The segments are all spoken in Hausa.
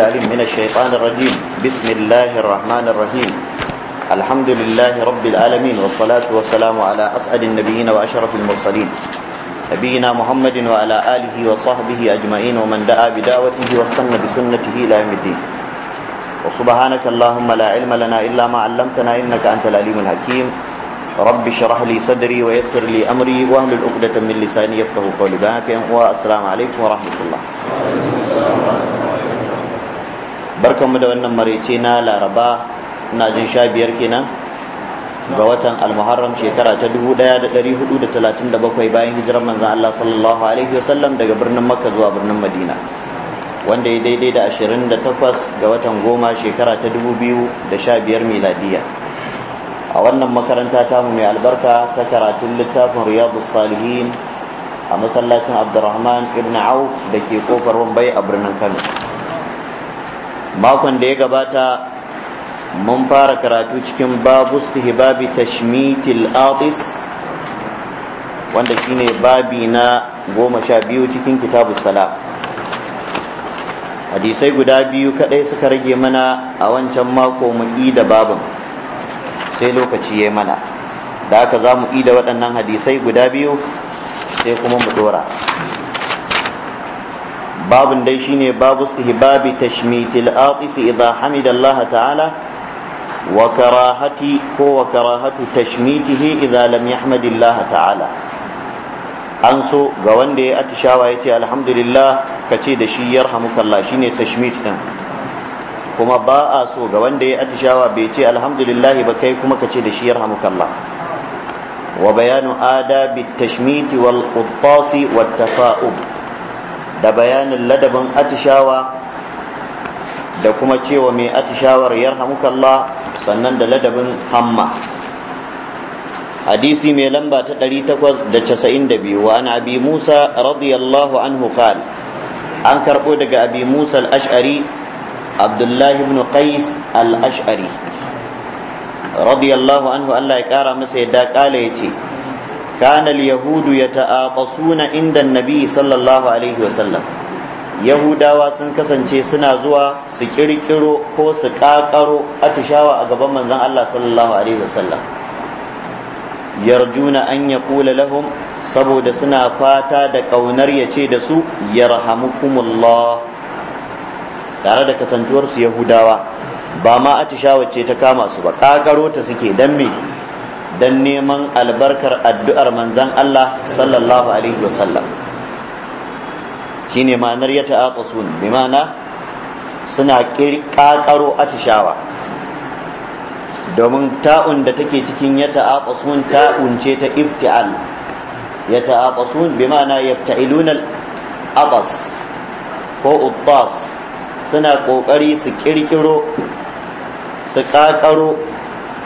العليم من الشيطان الرجيم بسم الله الرحمن الرحيم الحمد لله رب العالمين والصلاة والسلام على أسعد النبيين وأشرف المرسلين نبينا محمد وعلى آله وصحبه أجمعين ومن دعا بدعوته واستنى بسنته إلى يوم الدين وسبحانك اللهم لا علم لنا إلا ما علمتنا إنك أنت العليم الحكيم رب اشرح لي صدري ويسر لي أمري وأهل الأقدة من لساني يفقه قولي بانك والسلام عليكم ورحمة الله barkanmu da wannan maraice na laraba na jin sha biyar kenan ga watan almuharram shekara ta 1437 bayan hijirar manzan Allah sallallahu alaihi wasallam daga birnin makka zuwa birnin madina wanda ya daidai da 28 ga watan goma shekara ta 2015 miladiya a wannan makaranta tamu mai albarka ta karatun littafin riyadus salihin a masallacin abdurrahman ibn auf da ke kofar wambai a birnin kano makon da ya gabata mun fara karatu cikin babu babi tashmitil atis wanda shine babi na goma sha biyu cikin kitabu sala hadisai guda biyu kadai suka rage mana a wancan mako mu da babin sai lokaci ya mana da haka za mu da waɗannan hadisai guda biyu sai kuma mu ɗora. babin dai shine babu istihbabi tashmitil atif idza hamida Allah ta'ala wa karahati ko wa karahatu tashmitihi idza lam yahmad Allah ta'ala an so ga wanda ya atishawa yace alhamdulillah kace da shi yarhamukallah shine tashmit din kuma ba a so ga wanda ya atishawa bai ce alhamdulillahi ba kai kuma ka ce da shi yarhamukallah wa bayanu adabi tashmiti wal quttasi wat tafa'ub da bayanin ladabin atishawa da kuma cewa mai atishawar yarhamukallah sannan da ladabin hamma hadisi mai lamba ta 892 wa an abi musa radiyallahu anhu qal an karbo daga abi musa al-ash'ari abdullahi ibn qais al-ash'ari radiyallahu anhu Allah ya kara masa yadda kala yace كان اليهود يتآقصون عند النبي صلى الله عليه وسلم yahudawa sun kasance suna zuwa su kirkiro ko su kakaro atishawa a gaban manzon Allah sallallahu alaihi wasallam yarjuna an yaqula lahum saboda suna fata da kaunar ya ce da su yarhamukumullah tare da kasantuwar su yahudawa ba ma atishawa ce ta kama su ba kakaro ta suke dan me don neman albarkar addu'ar manzan Allah sallallahu alaihi wasallam shine ma'anar ya sun, bi ma'ana suna kirkakaro atishawa domin ta'un da take cikin ya sun, ta'un ce ta ibti'al ya ta'aqasun bi ma'ana yafta'iluna al abas ko uddas suna kokari su kirkiro su kakaro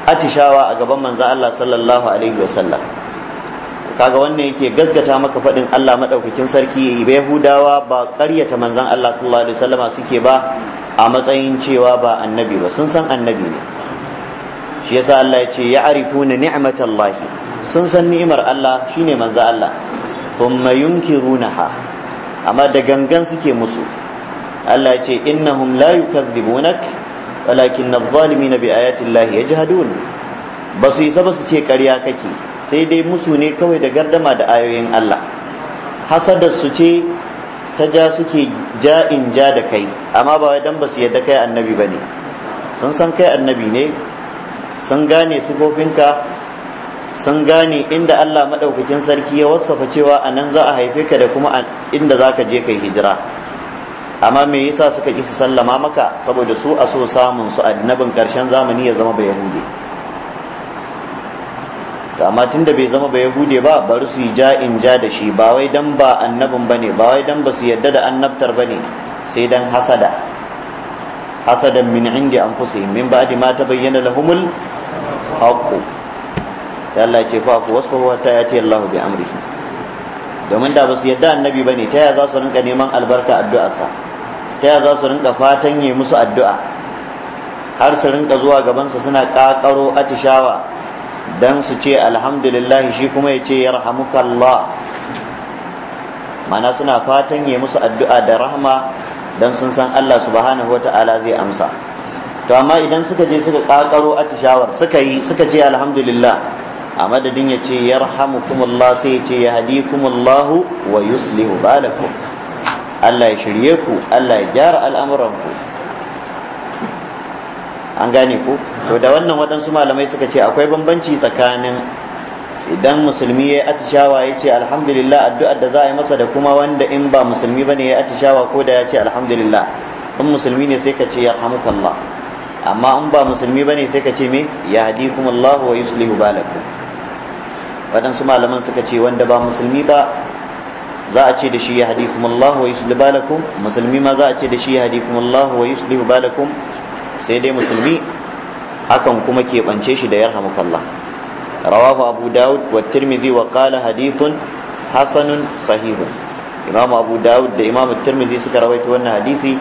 atishawa a gaban manzo Allah sallallahu alaihi wasallam kaga wannan yake gasgata maka faɗin Allah maɗaukakin sarki ba Yahudawa ba ƙaryata manzan Allah sallallahu alaihi sallam suke ba a matsayin cewa ba annabi ba sun san annabi ne shi yasa Allah ya ce ya arifuna ni'matallahi sun san ni'imar Allah shine manzo Allah thumma yunkirunaha amma da gangan suke musu Allah ya ce innahum la yukazzibunaka walakin adh na bi ayati llahi yajhadun ba su isa ba su ce ƙarya kake sai dai musu ne kawai da gardama da ayoyin Allah hasadar su ce ta ja suke ja in ja da kai amma ba wai dan ba su yadda kai annabi bane sun san kai annabi ne sun gane sifofinka sun gane inda Allah madaukakin sarki ya wasafa cewa anan za a haife ka da kuma inda zaka je kai hijira amma me yasa suka ƙi su sallama maka saboda su a so samun su annabin ƙarshen zamani ya zama bai yahude amma tunda bai zama bai yahude ba bari su yi ja in ja da shi ba wai dan ba annabin bane ba wai dan ba su yadda da annabtar bane sai dan hasada hasadan min indi anfusihim min ba'di ma bayyana lahumul haqq sai Allah ya ce fa ku wasfahu hatta ce Allah bi amrihi domin da ba su yadda annabi ba ne ta yaya za su rinka neman albarka addu'arsa ta ya za su rinka fatan yi musu addu'a har su rinka zuwa gabansa suna ƙaƙaro atishawa don su ce alhamdulillah shi kuma ya ce yarhamukallah mana suna fatan yi musu addu'a da rahama don sun san Allah subhanahu wa ta'ala zai amsa to amma idan suka je suka ƙaƙaro atishawar suka yi suka ce alhamdulillah a madadin ya ce yarhamukumullah sai ya ce ya hadikumullahu wa yuslihu balakum Allah ya shirye ku Allah ya gyara al'amuranku an gane ku to da wannan waɗansu malamai suka ce akwai bambanci tsakanin idan musulmi ya atishawa ya ce alhamdulillah addu'ar da za a yi masa da kuma wanda in ba musulmi ba ne ya atishawa ko da ya ce alhamdulillah in musulmi ne sai ka ce yarhamukallah amma in ba musulmi ba ne sai ka ce me ya hadikum Allah wa yuslihu balakum waɗansu malaman suka ce wanda ba musulmi ba za a ce da shi ya hadi kuma Allah wa yusli balakum musulmi ma za a ce da shi ya hadi kuma Allah wa yusli balakum sai dai musulmi akan kuma keɓance shi da yarhamukallah rawahu abu daud wa tirmidhi wa qala hadithun hasanun sahihun imam abu daud da imam tirmidhi suka rawaito wannan hadisi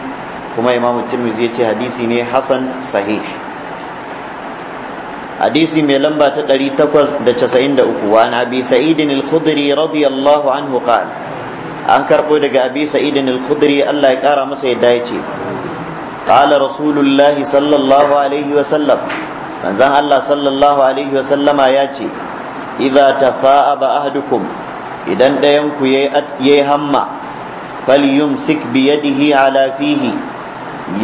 kuma imam tirmidhi ya ce hadisi ne hasan sahih حديث من لمبة تقري تقوز دتسعين دأكوان أبي سعيد الخضري رضي الله عنه قال an karɓo daga abi sa'idin al-khudri Allah ya kara masa yadda ya ce qala rasulullahi sallallahu alaihi wa sallam manzon Allah sallallahu alaihi wa sallama ya ce idza tafa'aba ahdukum idan dayan ku yayi hamma yumsik bi yadihi ala fihi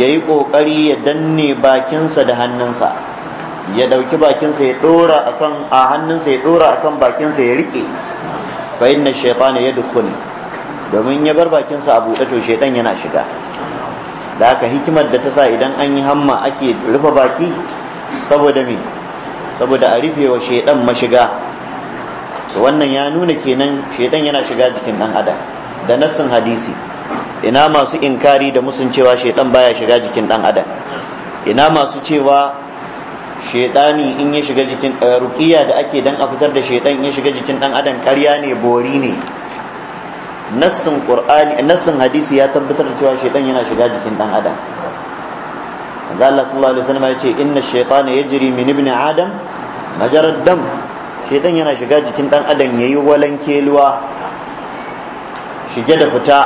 yayi kokari ya danne bakinsa da hannunsa ya dauki bakinsa ya dora akan a hannunsa ya dora akan bakinsa ya rike fa inna shaytana yadkhulu domin ya bar bakinsa a buɗe to shaidan yana shiga da haka hikimar da ta sa idan an yi hamma ake rufe baki saboda me saboda a rufe wa shaidan mashiga to wannan ya nuna kenan shaidan yana shiga jikin dan adam da nassin hadisi ina masu inkari da musun cewa shaidan baya shiga jikin dan adam ina masu cewa shaidani in ya shiga jikin eh, ruqiya da ake dan a fitar da shaidan ya shiga jikin dan adam ƙarya ne bori ne nassin qur'ani nassin hadisi ya tabbatar da cewa shaytan yana shiga jikin dan adam manzo Allah sallallahu alaihi wasallam ya ce inna shaytana yajri min ibn adam majarad dam shaytan yana shiga jikin dan adam yayi walan keluwa shige da fita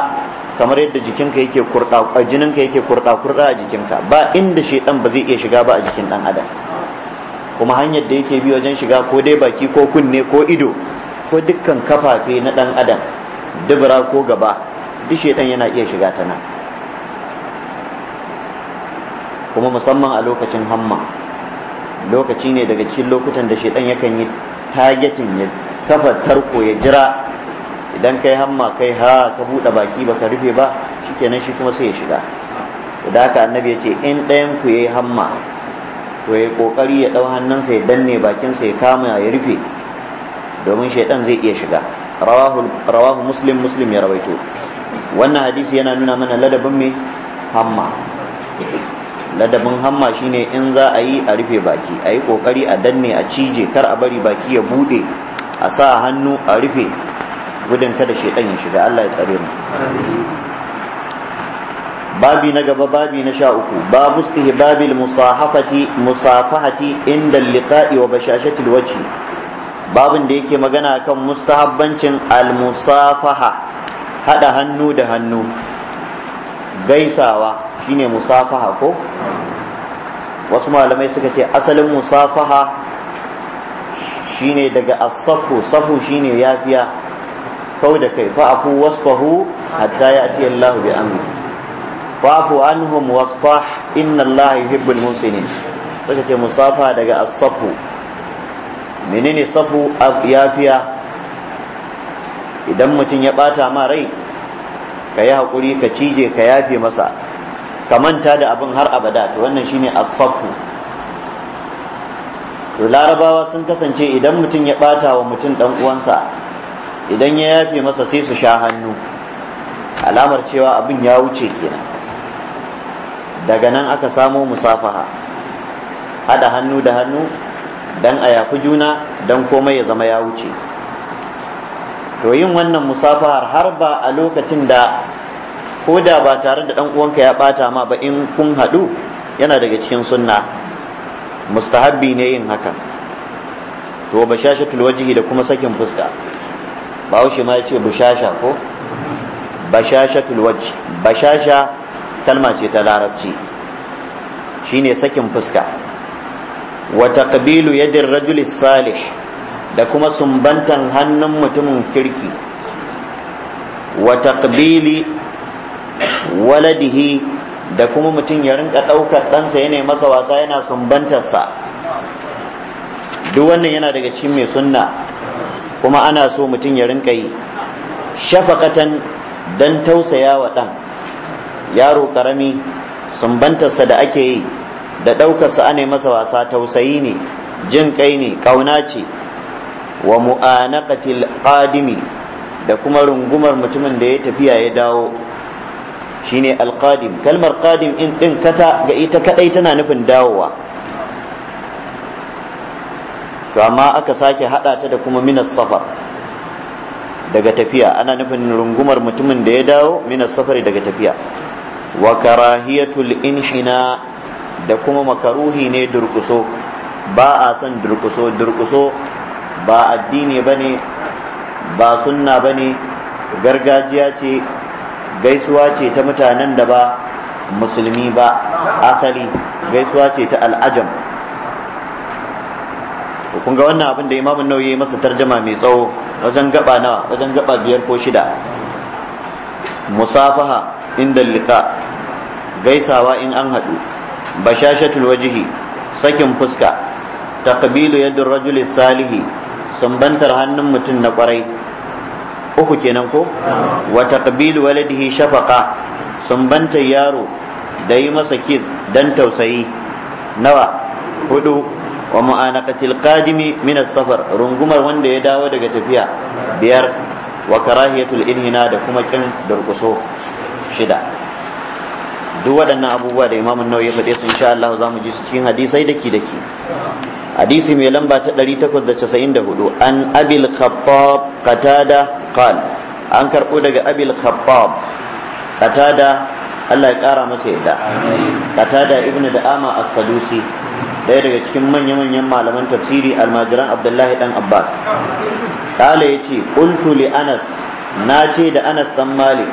kamar yadda jikinka yake kurda jininka yake kurda kurda a jikinka ba inda shaytan ba zai iya shiga ba a jikin dan adam kuma hanyar da yake bi wajen shiga ko dai baki ko kunne ko ido ko dukkan kafafe na dan adam dubura ko gaba duk shaidan yana iya shiga ta nan kuma musamman a lokacin hamma lokaci ne daga cikin lokutan da shaidan yakan yi targetin ya kafa tarko ya jira idan kai hamma kai ha ka buɗe baki ba ka rufe ba shikenan shi kuma sai ya shiga da haka annabi ya ce in ɗayan ku yayi hamma to ya kokari ya ɗau hannunsa ya danne bakinsa ya kama ya rufe domin shaidan zai iya shiga rawahu muslim muslim ya rawaito wannan hadisi yana nuna mana ladabin mai hamma ladabin hamma shine in za a yi a rufe baki a yi kokari a danne a cije kar a bari baki ya bude a sa hannu a rufe gudun kada shaidan ya shiga Allah ya tsare mu babi na gaba babi na sha uku babu istihbabil babil musafahati inda liqa'i wa bashashati alwajhi babin da yake magana kan mustahabbancin almusafaha hada hannu da hannu gaisawa shine musafaha ko wasu malamai suka ce asalin musafaha shine daga asafu safu shine yafiya kau da kai fa'afu wasfahu hatta ya'ti Allahu bi amri fa'afu anhum wasfah inna Allah yuhibbul musinin suka ce musafaha daga asafu menene sabu yafiya idan mutum ya bata ma rai ka yi haƙuri ka cije ka yafe masa ka manta da abin har abada to wannan shine as-safu to larabawa sun kasance idan mutum ya bata wa mutum dan uwansa idan ya yafe masa sai su sha hannu alamar cewa abin ya wuce kenan daga nan aka samo musafaha hada hannu da hannu dan a yafi juna dan komai ya zama ya wuce to yin wannan musafahar har ba a lokacin da ko da ba tare da dan uwanka ya bata ma ba in kun haɗu yana daga cikin sunna mustahabbi ne yin hakan to ba bashashatul wajhi da kuma sakin fuska bahaushe ma ya ce bushasha ko Ba bashashatul wajhi shasha kalma ce ta larabci shine sakin fuska wa taqbilu yadir rajul salih da kuma sumbantan hannun mutumin kirki wa taqbili waladihi da kuma mutum ya rinka ɗaukar ɗansa yana masa wasa yana sumbantarsa duk wannan yana daga cikin mai sunna kuma ana so mutum ya rinka yi shafakatan dan tausaya wa ɗan yaro ƙarami sumbantarsa da ake yi da ɗaukarsa ana masa wasa tausayi ne jin kai ne ƙauna ce wa mu'anaqatil qadimi da kuma rungumar mutumin da ya tafiya ya dawo shine alqadim kalmar qadim in din kata ga ita kadai tana nufin dawowa to amma aka sake hada ta da kuma minas safar daga tafiya ana nufin rungumar mutumin da ya dawo minas safari daga tafiya wa karahiyatul inhina da kuma makaruhi ne durkuso ba a son durkuso durkuso ba addini ba ne ba sunna ba ne gargajiya ce gaisuwa ce ta mutanen da ba musulmi ba asali gaisuwa ce ta al'ajam kun ga wannan abin da imamun nauyi masa tarjama mai tsawo wajen gaba nawa wajen gaba biyar ko shida musafaha inda liqa gaisawa in an haɗu bashashatul wajihi sakin fuska taqbilu yadur rajuli salihi sumbantar hannun mutum na kwarai uku kenan ko wa taqbilu waladihi shafaqa sumbantar yaro da yi masa kis dan tausayi nawa hudu wa mu'anaqatil qadimi min as-safar rungumar wanda ya dawo daga tafiya biyar wa karahiyatul inhina da kuma kin durkuso shida duk waɗannan abubuwa da imamun nauyi ya faɗe su insha Allah za mu ji su cikin hadisai daki daki hadisi mai lamba ta 894 an abil khattab qatada qal an karɓo daga abil khattab qatada Allah ya ƙara masa yadda qatada ibnu da'ama as-sadusi ɗaya daga cikin manya-manyan malaman tafsiri almajiran abdullahi dan abbas Kale ya ce ƙultu li anas na ce da anas dan malik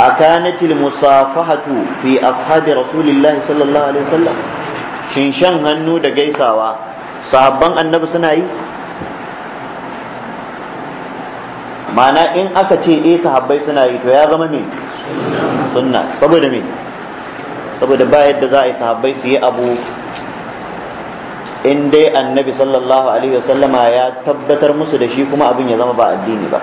أكانت المصافحة في أصحاب رسول الله صلى الله عليه Shin shan hannu da gaisawa sahabban annabi suna yi mana in aka ce eh sahabbai suna yi to ya zama me sunna saboda me saboda ba yadda za a yi sahabbai su yi abu in dai annabi sallallahu alaihi wasallama ya tabbatar musu da shi kuma abin ya zama ba addini ba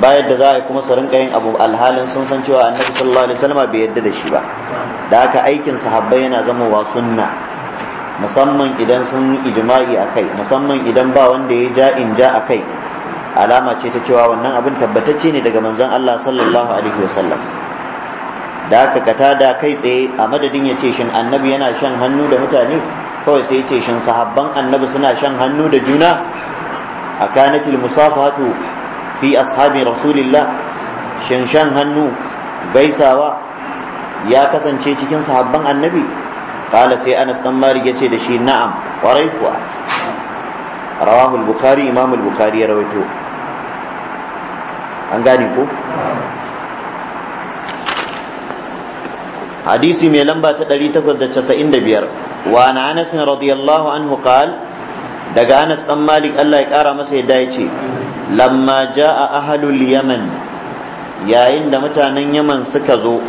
bayan da za a yi kuma su rinka yin abu alhalin sun san cewa annabi sallallahu alaihi wasallam bai yadda da shi ba da haka aikin sahabbai yana zama wa sunna musamman idan sun yi ijma'i akai kai musamman idan ba wanda ya ja in ja a kai alama ce ta cewa wannan abin tabbatacce ne daga manzon Allah sallallahu alaihi wasallam da haka kata da kai tsaye a madadin ya ce shin annabi yana shan hannu da mutane kawai sai ya ce shin sahabban annabi suna shan hannu da juna a kanatil musafahatu fi ashabi rasulillah shanshan hannu gaisawa ya kasance cikin sahabban annabi qala sai anas dan malik yace da shi na'am kwarai kuwa rawahu al-bukhari imam al-bukhari ya rawaito an gane ko hadisi mai lamba ta 895 wa an anas radiyallahu anhu qala daga Anas dan Malik Allah ya kara masa yadda ya ce lamma jaa ahlul yaman yayin da mutanen yaman suka zo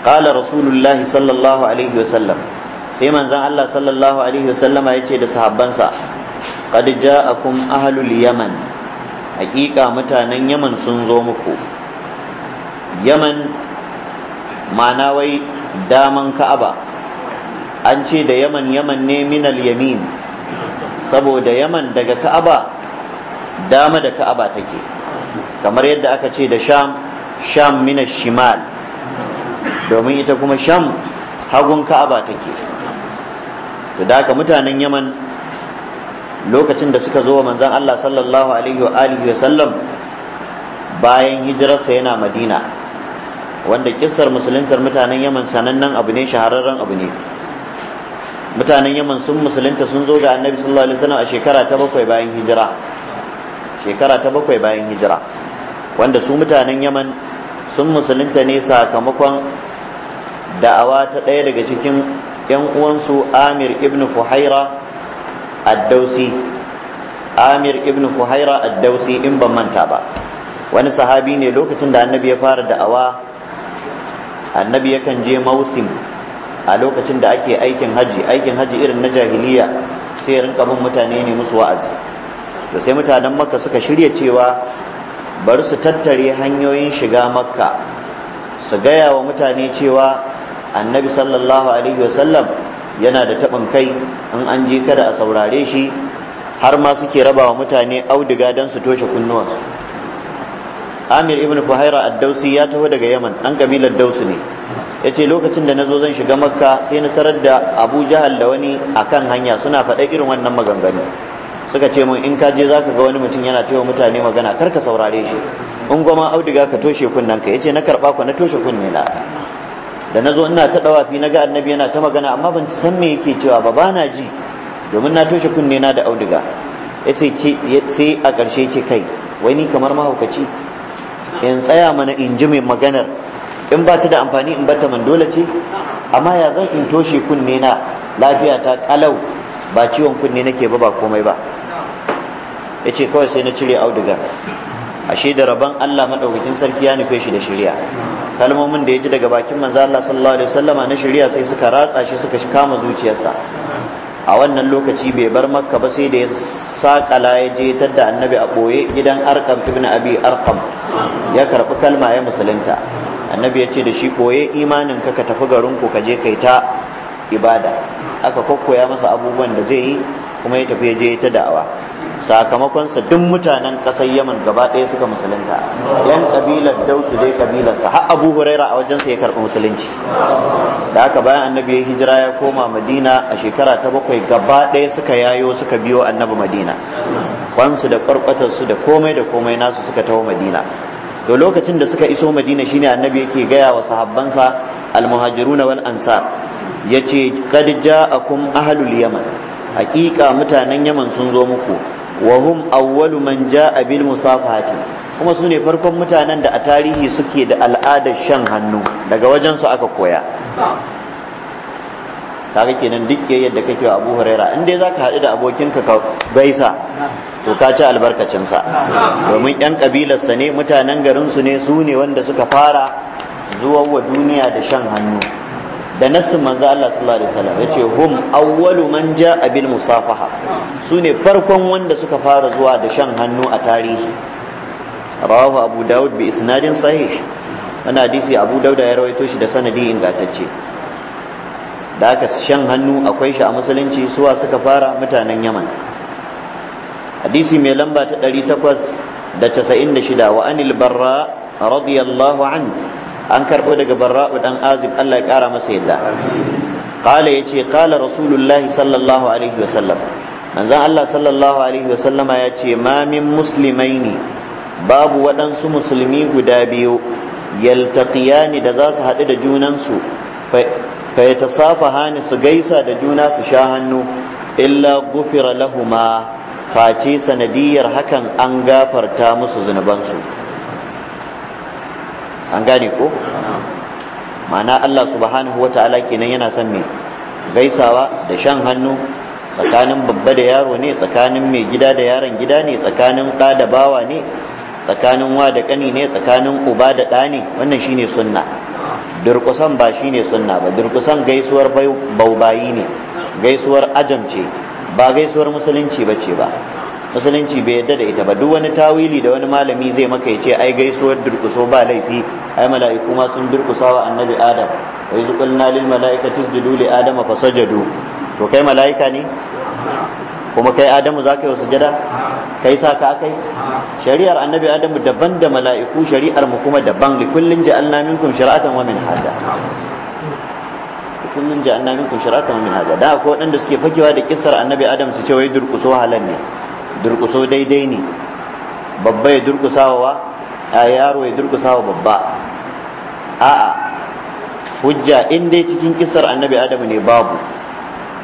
qala rasulullahi sallallahu alaihi wasallam sai manzon Allah sallallahu alaihi wasallama ya ce da sahabbansa qad ja'akum ahlul yaman hakika mutanen yaman sun zo muku yaman ma'ana wai daman ka'aba an ce da yaman yaman ne minal yamin saboda yaman daga ka'aba dama da ka'aba take kamar yadda aka ce da sham sham mina shimal domin ita kuma sham hagun ka'aba take to da haka mutanen yaman lokacin da suka zo wa manzon Allah sallallahu alaihi wa alihi wa sallam bayan hijirarsa yana madina wanda kissar musuluntar mutanen yaman sanannen abu ne shahararren abu ne mutanen yaman sun musulunta sun zo ga annabi sallallahu alaihi wasallam a shekara ta bakwai bayan hijira shekara ta bakwai bayan hijira wanda su mutanen yaman sun musulunta ne sakamakon da'awa ta ɗaya daga cikin 'yan uwansu amir ibn fuhaira addausi amir ibn fuhaira addausi in ban manta ba wani sahabi ne lokacin da annabi ya fara da'awa annabi yakan je mausim a lokacin da ake aikin haji aikin haji irin na jahiliya sai rinka bin mutane ne musu wa'azi da sai mutanen makka suka shirya cewa bari su tattare hanyoyin shiga makka su gaya wa mutane cewa annabi sallallahu alaihi wasallam yana da taɓin kai in an ji kada a saurare shi har ma suke raba wa mutane auduga don su toshe kunnuwansu amir ibn fuhaira ad-dausi ya taho daga yaman an kabilar dausi ne yace lokacin da nazo zan shiga makka sai na tarar da abu jahal da wani akan hanya suna faɗa irin wannan maganganu suka ce mun in ka je zaka ga wani mutum yana taya mutane magana kar ka saurare shi in goma auduga ka toshe kunnen ka yace na karba ku na toshe kunne na da nazo ina ta dawafi ga annabi yana ta magana amma ban san me yake cewa ba bana ji domin na toshe kunne na da Audiga. sai ce sai a ƙarshe ce kai wani kamar mahaukaci in tsaya mana in ji mai maganar in ba ta da amfani in bata man dole ce amma ya zan in toshe kunne na lafiya ta kalau ba ciwon kunne nake ba ba komai ba ya ce kawai sai na cire auduga ashe da rabon Allah madaukakin sarki ya nufe shi da shirya kalmomin da ya ji daga bakin manzo Allah sallallahu alaihi wasallama na shirya sai suka ratsa shi suka kama zuciyarsa a wannan lokaci bai bar makka ba sai da ya sakala ya je da annabi a ɓoye gidan arkam ibn abi arkam ya karɓi kalma ya musulunta annabi ya ce da shi ɓoye imanin ka ka tafi garin ku ka je kai ta ibada aka kokkoya masa abubuwan da zai yi kuma ya tafi ya je ta da'awa sakamakonsa duk mutanen ƙasar yaman gaba ɗaya suka musulunta yan ƙabilar dausu dai ƙabilarsa har abu huraira a wajensa ya karɓi musulunci da aka bayan annabi ya hijira ya koma madina a shekara ta bakwai gaba ɗaya suka yayo suka biyo annabi madina kwansu da su da komai da komai nasu suka taho madina to lokacin da suka iso madina shine annabi yake gaya wa sahabbansa almuhajiruna wal ansar yace qad ja'akum ahlul yaman haƙiƙa mutanen yaman sun zo muku wa hum awwalu man ja'a bil musafahati kuma sune farkon mutanen da a tarihi suke da al'adar shan hannu daga wajensu aka koya kaga kenan duk yayin da kake a Abu Huraira in dai ka haɗu da abokinka ka gaisa to ka ci albarkacin sa domin yan kabilar sa ne mutanen garinsu ne sune ne wanda suka fara zuwa wa duniya da shan hannu da nassin manzo Allah sallallahu alaihi wasallam yace hum awwalu man ja'a bil musafaha sune farkon wanda suka fara zuwa da shan hannu a tarihi rawahu abu daud bi isnadin sahih wannan hadisi abu dauda ya rawaito shi da sanadi ingantacce da aka shan hannu akwai shi a musulunci suwa suka fara mutanen yaman hadisi mai lamba ta 896 wa anil barra radiyallahu anhu an karɓo daga barra'u dan azib Allah ya ƙara masa yadda qala yace qala rasulullahi sallallahu alaihi wasallam Manzan Allah sallallahu alaihi wasallama yace ma min ne babu waɗansu musulmi guda biyu ne da za su haɗu da junansu fa hani su gaisa da juna su sha hannu illa gufira lahuma face sanadiyar hakan an gafarta musu zunubansu an gane ko ma'ana Allah subhanahu wa ta'ala kenan yana son me gaisawa da shan hannu tsakanin babba da yaro ne tsakanin mai gida da yaron gida ne tsakanin ɗa da bawa ne tsakanin wa da ƙani ne tsakanin uba da ɗa ne wannan shine sunna durkusan ba shine sunna ba durkusan gaisuwar baubayi ne gaisuwar ajamce ba gaisuwar musulunci ba ce ba musulunci bai yadda da ita ba duk wani tawili da wani malami zai maka ya ce ai gaisuwar durkuso ba laifi ai mala'iku ma sun durkusa wa annabi adam wa yanzu qulna lil mala'ikati isjudu li adama sajadu to kai mala'ika ne kuma kai adamu za ka yi sujada kai sa ka kai shari'ar annabi adamu daban da mala'iku shari'ar mu kuma daban li kullin ja'alna minkum shari'atan wa min hada kullun ja'alna minkum wa min hada da akwai waɗanda suke fakewa da kissar annabi adam su ce wai durkuso halal ne durkuso daidai ne babba ya wa? a yaro ya wa babba a'a hujja in dai cikin kisar annabi adamu ne babu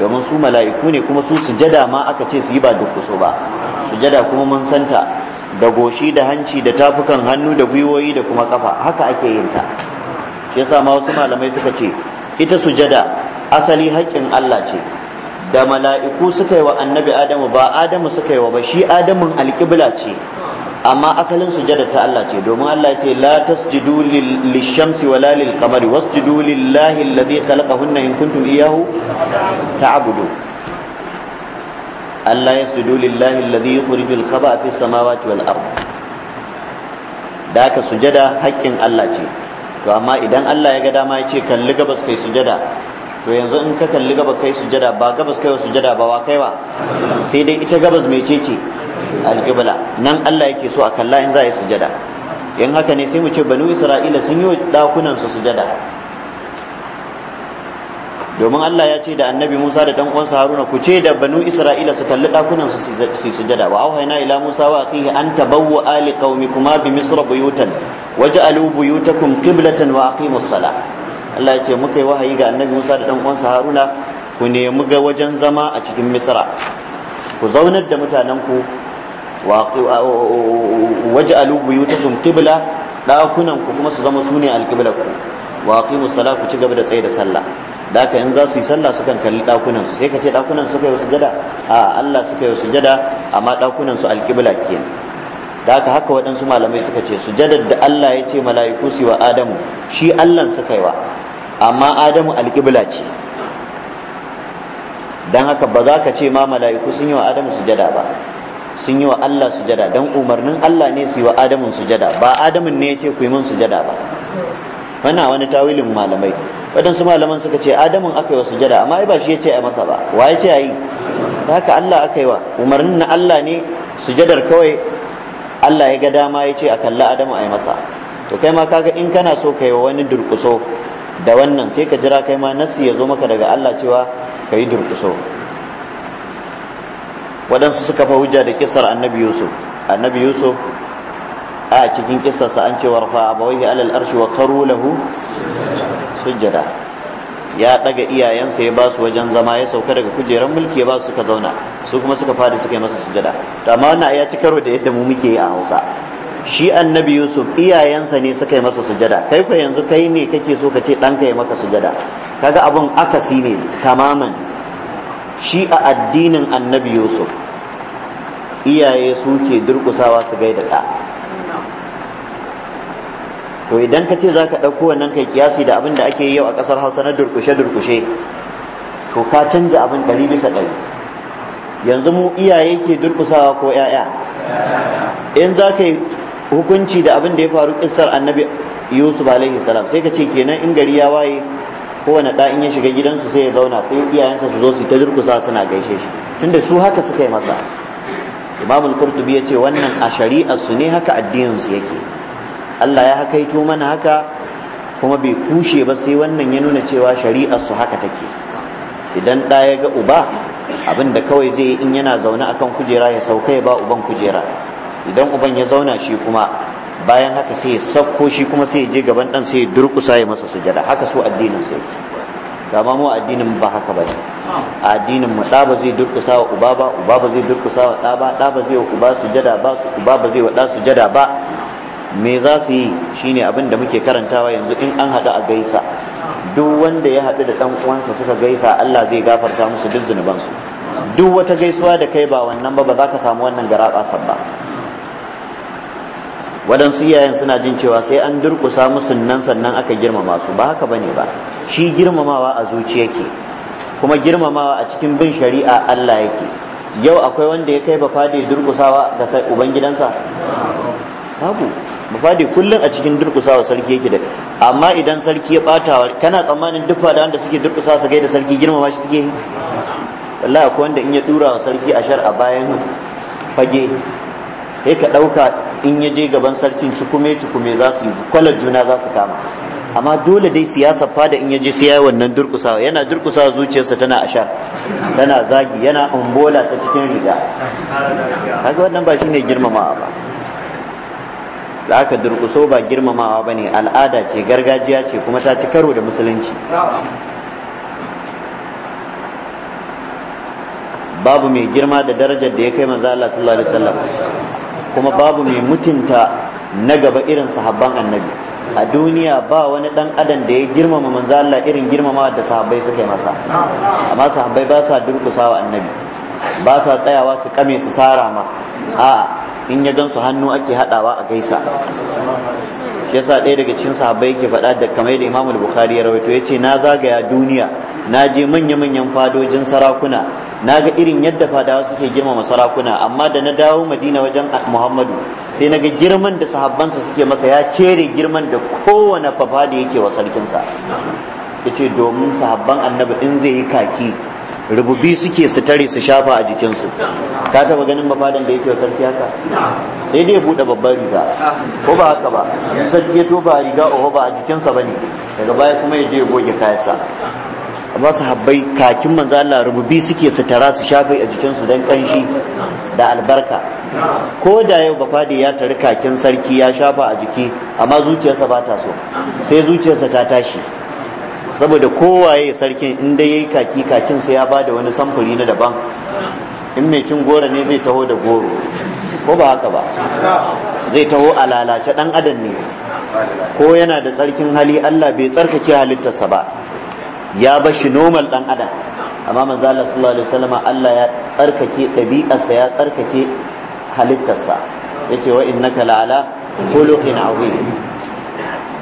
domin su mala'iku ne kuma su sujada ma aka ce su yi ba durkuso ba sujada kuma mun santa da goshi da hanci da tafukan hannu da gwiwoyi da kuma kafa haka ake yin ta shi yasa ma wasu malamai suka ce ita sujada asali haƙƙin Allah ce da mala'iku suka yi wa annabi adamu ba adamu suka yi wa ba shi adamun alƙibla ce amma asalin sujada ta Allah ce domin Allah ce la tasjudu lishamsi wala lil qamari wasjudu lillahi alladhi khalaqahunna in kuntum iyyahu ta'budu Allah yasjudu lillahi alladhi yukhrijul khaba'a fis samawati wal ard da ka sujada haƙƙin Allah ce to amma idan Allah ya ga dama ya ce kalli gabas kai sujada to yanzu in ka kalli gaba kai sujada ba gabas kai sujada ba wa kai ba sai dai ita gabas mai cece alqibla nan Allah yake so a kalla in za a yi sujada in haka ne sai mu ce banu isra'ila sun yi dakunan su sujada domin Allah ya ce da annabi Musa da dan uwansa Haruna ku ce da banu Isra'ila su kalli dakunan su su sujada wa auhayna ila Musa wa akhihi an tabawwa ali qaumikuma bi misra buyutan waj'alu buyutakum qiblatan wa aqimus musala. Allah ya ce muka yi wahayi ga annabi Musa da dan uwansa Haruna ku nemi ga wajen zama a cikin Misra ku zaunar da mutanen ku waj'alu buyutakum qibla dakunan ku kuma su zama sune alqibla ku wa aqimu salat ku ci gaba da tsaye da sallah da haka in za su yi sallah sukan kalli dakunan su sai ka ce dakunan suka yi jada? a Allah suka yi jada, amma dakunan su alqibla kenan da haka haka waɗansu malamai suka ce sujadar da Allah ya ce mala'iku su wa Adamu shi Allah suka yi wa amma adamu alƙibla ce don haka ba za ka ce ma mala'iku sun yi wa adamu sujada ba sun yi wa Allah sujada don umarnin Allah ne su yi wa adamun sujada ba adamun ne ya ce ku yi min sujada ba wannan wani tawilin malamai waɗansu malaman suka ce adamun aka yi wa sujada amma ba shi ya ce a masa ba wa ya ce a yi Da haka Allah aka yi wa umarnin na Allah ne sujadar kawai Allah ya ga dama ya ce a kalla adamu a yi masa to kai ma kaga in kana so ka yi wa wani durkuso da wannan sai ka jira kai ma nasi ya zo maka daga Allah cewa ka yi durkuso waɗansu suka fa hujja da kisar annabi yusuf annabi yusuf a cikin kisarsa an ce warfa abawaihi alal arshi wa qaru lahu sujjada ya daga iyayensa ya ba su wajen zama ya sauka daga kujerar mulki ya ba su suka zauna su kuma suka fadi suka yi masa sujada to amma wannan ya ci karo da yadda mu muke yi a Hausa shi annabi yusuf iyayensa ne suka yi masa sujada kai fa yanzu kai ne kake so ka ce ɗanka ya maka sujada kaga abun akasi ne tamaman shi a addinin annabi yusuf iyaye su ke durƙusawa su gaida ɗa to idan ka ce za ka ɗauko wannan kai kiyasi da abin da ake yi yau a ƙasar hausa na durkushe-durkushe, to ka canja abin ɗari bisa ɗari yanzu mu iyaye ke durkusawa ko 'ya'ya in za ka yi hukunci da abin da ya faru kissar annabi yusuf alaihi salam sai ka ce kenan in gari ya waye kowane ɗa in ya shiga gidansu sai ya zauna sai iyayensa su zo su ta durkusa suna gaishe shi tunda su haka suka yi masa imam al-qurtubi yace wannan a shari'ar su ne haka addinin su yake Allah ya hakaito mana haka kuma bai kushe ba sai wannan ya nuna cewa shari'ar su haka take idan ɗa ya ga uba abin da kawai zai yi in yana zaune akan kujera ya sauka ya ba uban kujera idan uban ya zauna shi kuma bayan haka sai ya sauko shi kuma sai ya je gaban dan sai ya durkusa ya masa sujada haka su addinin sai yake gama mu addinin ba haka bane addinin mu ba zai durkusa wa uba ba uba ba zai durkusa wa ɗa ba zai wa uba sujada ba su uba ba zai wa da sujada ba me za su yi shine abin da muke karantawa yanzu in an haɗu a gaisa duk wanda ya haɗu da ɗan uwansa suka gaisa Allah zai gafarta musu duk zunubansu duk wata gaisuwa da kai ba wannan ba ba za ka samu wannan garaba sabba. waɗansu iyayen suna jin cewa sai an durƙusa musu nan sannan aka girmama su ba haka bane ba shi girmamawa a zuci yake kuma girmamawa a cikin bin shari'a Allah yake yau akwai wanda ya kai ba fadi durƙusawa ga sai ubangidansa babu ba fadi kullum a cikin durƙusawa sarki yake da amma idan sarki ya batawa kana tsammanin duk fadan da suke durƙusa su gaida sarki girmama shi suke yi wallahi akwai wanda in ya tura wa sarki a shar'a bayan fage sai ka ɗauka in ya je gaban sarkin cikume cikume za su yi kwalar juna za su kama amma dole dai siyasa fada in ya je yi wannan durkusawa yana durkusawa zuciyarsa tana sha tana zagi yana umbola ta cikin riga haka wannan ba shine girmamawa ba da aka durkuso ba girmamawa ba ne al'ada ce gargajiya ce kuma ta ci karo da musulunci babu mai girma da darajar da ya kai maza Allah sallallahu alaihi wasallam kuma babu mai mutunta na gaba irin sahabban annabi a duniya ba wani dan adam da ya girmama manzo Allah irin girmama da sahabbai suka masa amma sahabbai ba sa durkusawa annabi ba sa tsayawa su kame su sara ma a in ya gansu hannu ake hadawa a gaisa shi yasa ɗaya daga cikin sahabbai yake faɗa da kamar da Imam Bukhari ya rawaito yace na zagaya duniya na je manya manyan fadojin sarakuna na ga irin yadda fadawa suke girmama sarakuna amma da na dawo Madina wajen Muhammadu sai na ga girman da sahabbansa suke masa ya kere girman da kowane da yake wa sarkinsa yace domin sahabban annabi in zai yi kaki rububi suke su tare su shafa a jikinsu ka taba ganin mafadan da yake wa sarki haka sai dai buɗe babban riga ko ba haka ba sarki ya tofa riga oho ba a jikinsa ba ne daga baya kuma ya je ya goge kayansa amma su habbai kakin manzo Allah rububi suke su tara su shafe a jikinsu don kanshi da albarka ko da yau ba fadi ya tari kakin sarki ya shafa a jiki amma zuciyarsa ba ta so sai zuciyarsa ta tashi saboda kowaye sarkin inda dai yayi kaki kakin sai ya bada wani samfuri na daban in mai cin goro ne zai taho da goro ko ba haka ba zai taho a lalace dan adam ne ko yana da tsarkin hali Allah bai tsarkake halittarsa ba ya bashi normal dan adam amma manzo Allah sallallahu alaihi wasallam Allah ya tsarkake ɗabi'arsa ya tsarkake halittarsa yace wa innaka la'ala khuluqin azim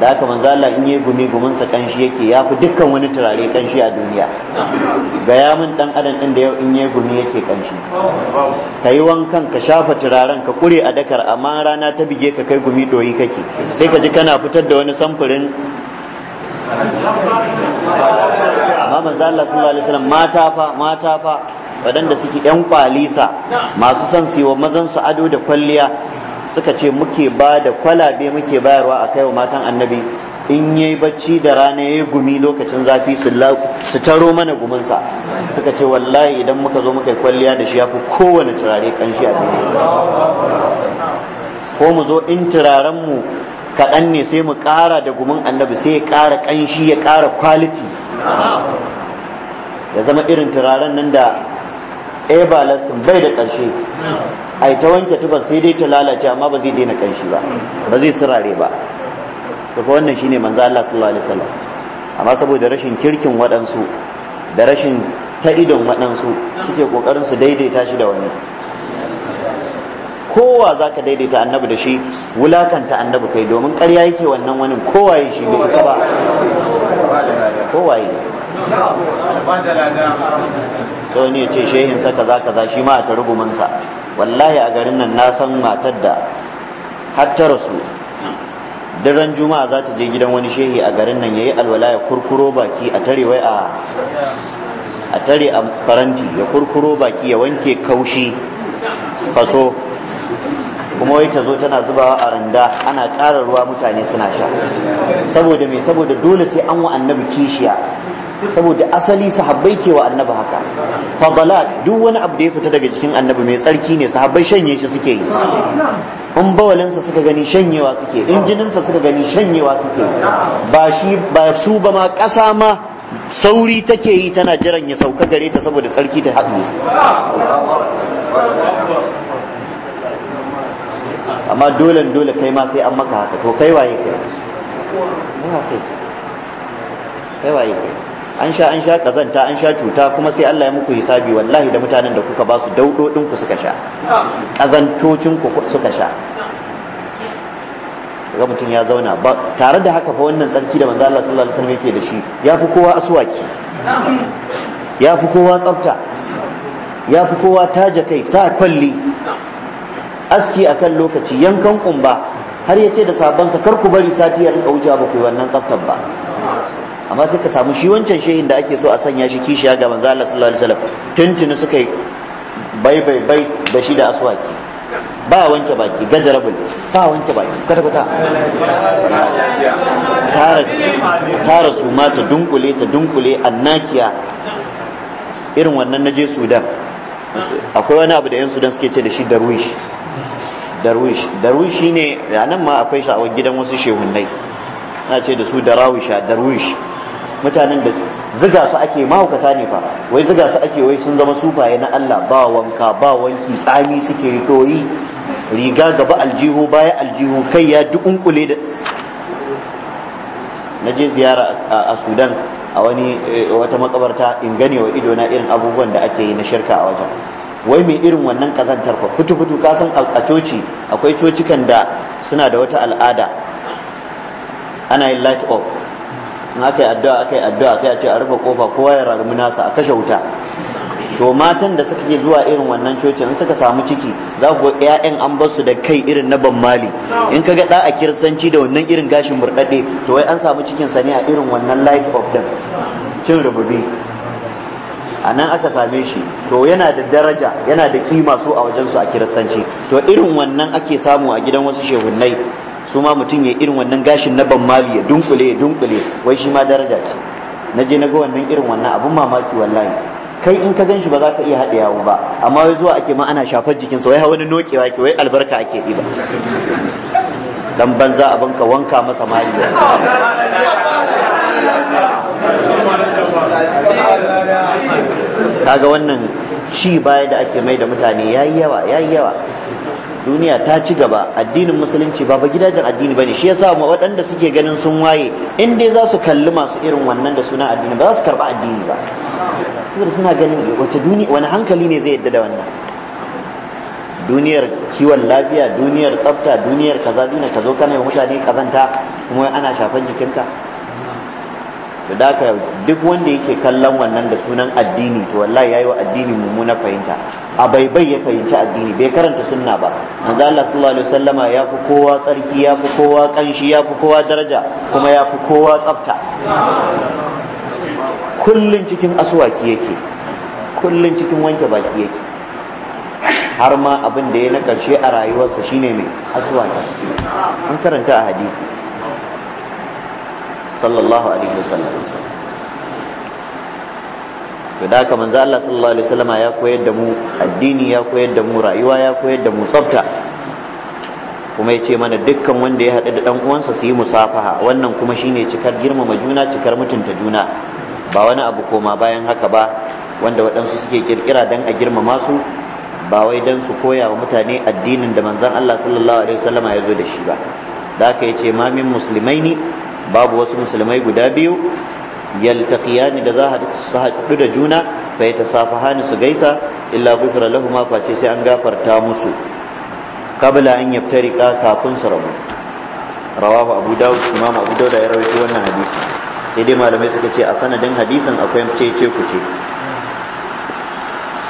da haka manzo Allah in yi gumi gumin sa kanshi yake ya fi dukkan wani turare kanshi a duniya ga ya min dan adam din da yau in yi gumi yake kanshi kai wankan ka shafa turaren ka kure a dakar amma rana ta bige ka kai gumi doyi kake sai ka ji kana fitar da wani samfurin amma manzo Allah sallallahu alaihi wasallam mata fa mata fa waɗanda suke 'yan kwalisa masu son siwa mazan su ado da kwalliya suka ce muke ba da kwalabe muke bayarwa a kai wa matan annabi in yi bacci da rana ya yi gumi lokacin zafi su taro mana guminsa suka ce wallahi idan muka zo muka yi kwalliya da shi ya fi kowane turare kanshi a duniya ko mu zo in turarenmu kaɗan ne sai mu ƙara da gumin annabi sai ya ƙara ƙanshi ya ƙara kwaliti ya zama irin turaren nan da everlasting bai da ƙarshe ai ta wanke tufa sai dai ta lalace amma ba zai daina ƙarshe ba ba zai sirare ba to ko wannan shine manzo Allah sallallahu alaihi wasallam amma saboda rashin kirkin waɗansu da rashin ta idon waɗansu suke kokarin su daidaita shi da wani kowa za ka daidaita annabi da shi wulakanta annabi kai domin ƙarya yake wannan wani kowa ya shi bai isa ba ko waye so ne ce shehin sa kaza kaza shi ma a ta rugumansa wallahi a garin nan na san matar da har su. rasu daren juma'a za ta je gidan wani shehi a garin nan ya yi alwala ya kurkuro baki a tare wai a a tare a faranti ya kurkuro baki ya wanke kaushi faso kuma wai ta zo tana zubawa a randa ana ƙara ruwa mutane suna sha saboda me saboda dole sai an wa annabi kishiya saboda asali sahabbai ke wa annabi haka fadalat duk wani abu da ya fita daga jikin annabi mai tsarki ne sahabbai shanye shi suke yi in bawalinsa suka gani shanyewa suke in jininsa suka gani shanyewa suke ba shi ba su ba ma ƙasa ma sauri take yi tana jiran ya sauka gare ta saboda tsarki ta haɗu amma dole dole kai ma sai an maka haka to kai waye kai kai waye kai an sha an sha kazanta an sha cuta kuma sai Allah ya muku hisabi wallahi da mutanen da kuka ba su daudodin ku suka sha kazantocin ku suka sha ga mutum ya zauna ba tare da haka fa wannan tsarki da manzo Allah sallallahu alaihi wasallam yake da shi ya fi kowa aswaki ya fi kowa tsafta ya fi kowa taje kai sa kwalli aski a kan lokaci yankan kumba har ya ce da sabonsa kar ku bari sati ya rinka wuce ba ku wannan tsaftar ba amma sai ka samu shi wancan shehin da ake so a sanya shi kishiya ga manzo Allah sallallahu alaihi wasallam tuntuni suka yi bai bai bai da shi da aswaki ba wanke baki gajarabul ba wanke baki kwata kwata tara tara su ma ta dunkule ta dunkule annakiya irin wannan naje sudan akwai wani abu da yan sudan suke ce da shi darwish darwish darwish shine nan ma akwai shi a gidan wasu shehunnai na ce da su darawisha darwish mutanen da ziga su ake mahaukata ne fa wai ziga su ake wai sun zama sufaye na Allah ba wanka ba wanki tsami suke doyi riga gaba aljihu baya aljihu kai ya dukunkule da na je ziyara a Sudan a wani eh, wata makabarta in gane wa ido na irin abubuwan da ake yi na shirka a wajen wai mai irin wannan kazantar fa fitu fitu ka san a coci akwai cocikan da suna da wata al'ada ana yin light up in aka yi addu'a aka yi addu'a sai a ce a rufe kofa kowa ya rarumi nasa a kashe wuta to matan da suka ke zuwa irin wannan coci in suka samu ciki za ku ga 'ya'yan an bar su da kai irin na ban mali in ka ga da a kirsanci da wannan irin gashin murɗaɗe to wai an samu cikin sa ne a irin wannan light up din cin rububi a nan aka same shi to yana da daraja yana da kima su a wajensu a kiristanci to irin wannan ake samu a gidan wasu shehunnai su ma mutum ya irin wannan gashin na ban mali ya dunkule ya dunkule wai shi ma daraja ce na je na ga wannan irin wannan abun mamaki wallahi kai in ka ganshi ba za ka iya haɗe yawo ba amma wai zuwa ake ma ana shafar jikinsa wai wani nokewa ke wai albarka ake ba. dan banza abin wanka masa mali kaga wannan ci baya da ake mai da mutane yi yawa ya yi yawa duniya ta ci gaba addinin musulunci ba gidajen addini bane shi yasa ma waɗanda suke ganin sun waye in dai za su kalli masu irin wannan da suna addini ba za su karɓa addini ba saboda suna ganin wace duniya wani hankali ne zai yadda da wannan duniyar kiwon lafiya duniyar tsafta duniyar kaza duniyar ka zo kana mutane kazanta kuma ana shafan jikinka to da ka duk wanda yake kallon wannan da sunan addini to wallahi yayi wa addini mummuna fahimta a bai bai ya fahimci addini bai karanta sunna ba manzo Allah sallallahu alaihi wasallama ya fi kowa tsarki ya fi kowa kanshi ya fi kowa daraja kuma ya fi kowa tsafta kullun cikin aswaki yake kullun cikin wanke baki yake har ma abin da ya na karshe a rayuwarsa shine mai aswaki an karanta a hadisi sallallahu alaihi wasallam to da haka manzo Allah sallallahu alaihi wasallam ya koyar da mu addini ya koyar da mu rayuwa ya koyar da mu tsafta kuma ya ce mana dukkan wanda ya haɗu da ɗan uwansa su yi musafaha wannan kuma shine cikar girmama juna cikar mutunta juna ba wani abu koma bayan haka ba wanda waɗansu suke kirkira dan a girmama su ba wai dan su koya wa mutane addinin da manzon Allah sallallahu alaihi wasallam ya zo da shi ba da haka yace ma min muslimaini babu wasu musulmai guda biyu yaltaqiyani da za a haɗu da juna fa hannu su gaisa illa ghufira lahumu face sai an gafarta musu qabla an yaftariqa kafin su rabu rawahu abu dawud imam abu dawud ya rawaito wannan hadisi sai dai malamai suka ce a sanadin hadisin akwai ce ku ce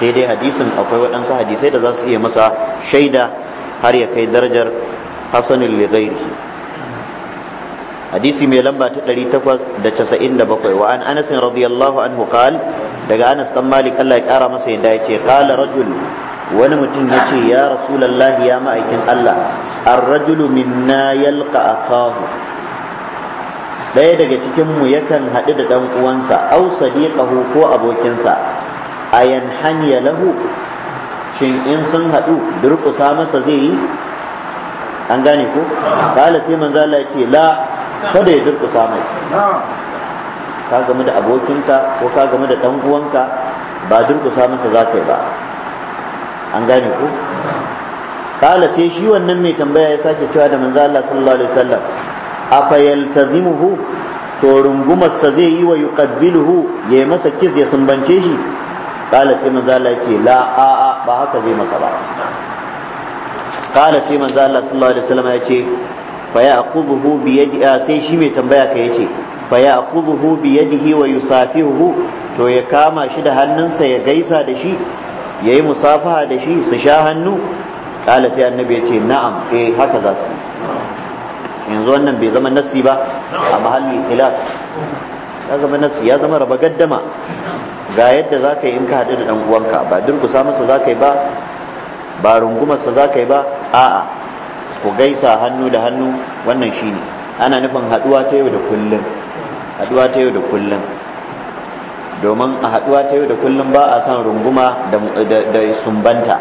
sai dai hadisin akwai waɗansu hadisai da za su iya masa shaida har ya kai darajar hasanul li ghairihi hadisi mai lamba ta 897 wa an anas radiyallahu anhu qal daga anas dan malik Allah ya kara masa yadda yace qala rajul wani mutum yace ya rasulullah ya ma'aikin Allah ar-rajulu minna yalqa akahu daya daga cikin mu yakan haɗu da dan uwansa aw sadiqahu ko abokinsa ayan hanya lahu shin in sun haɗu durƙusa masa zai yi an gane ko kala sai manzo Allah ya ce la kada ya durkusa mai ka game da abokinka ko ka game da dan uwanka ba durkusa masa za ka yi ba an gane ku kala sai shi wannan mai tambaya ya sake cewa da manzo Allah sallallahu alaihi wasallam afa yaltazimuhu to rungumarsa sa zai yi wa yuqabbiluhu ya masa kiz ya sumbance shi kala sai manzo Allah ya ce la a a ba haka zai masa ba kala sai manzo Allah sallallahu alaihi wasallam ya ce fa ya'khudhuhu bi yadi ah, sai shi mai tambaya ka yace fa ya'khudhuhu bi yadihi wa yusafihu to ya kama shi da hannunsa ya gaisa da shi yayi musafaha da shi su sha hannu kala sai annabi yace na'am eh haka za su yanzu wannan bai zama nasi ba a mahalli tilas ya zama nasi ya zama raba gaddama ga yadda za ka yi in ka haɗu da ɗan uwanka ba durkusa masa za ka yi ba ba rungumarsa za ka yi ba a'a ku gaisa hannu da hannu wannan shine ana nufin haduwa ta yau da kullum haduwa ta yau da kullum domin a haduwa ta yau da kullum ba a son runguma da sumbanta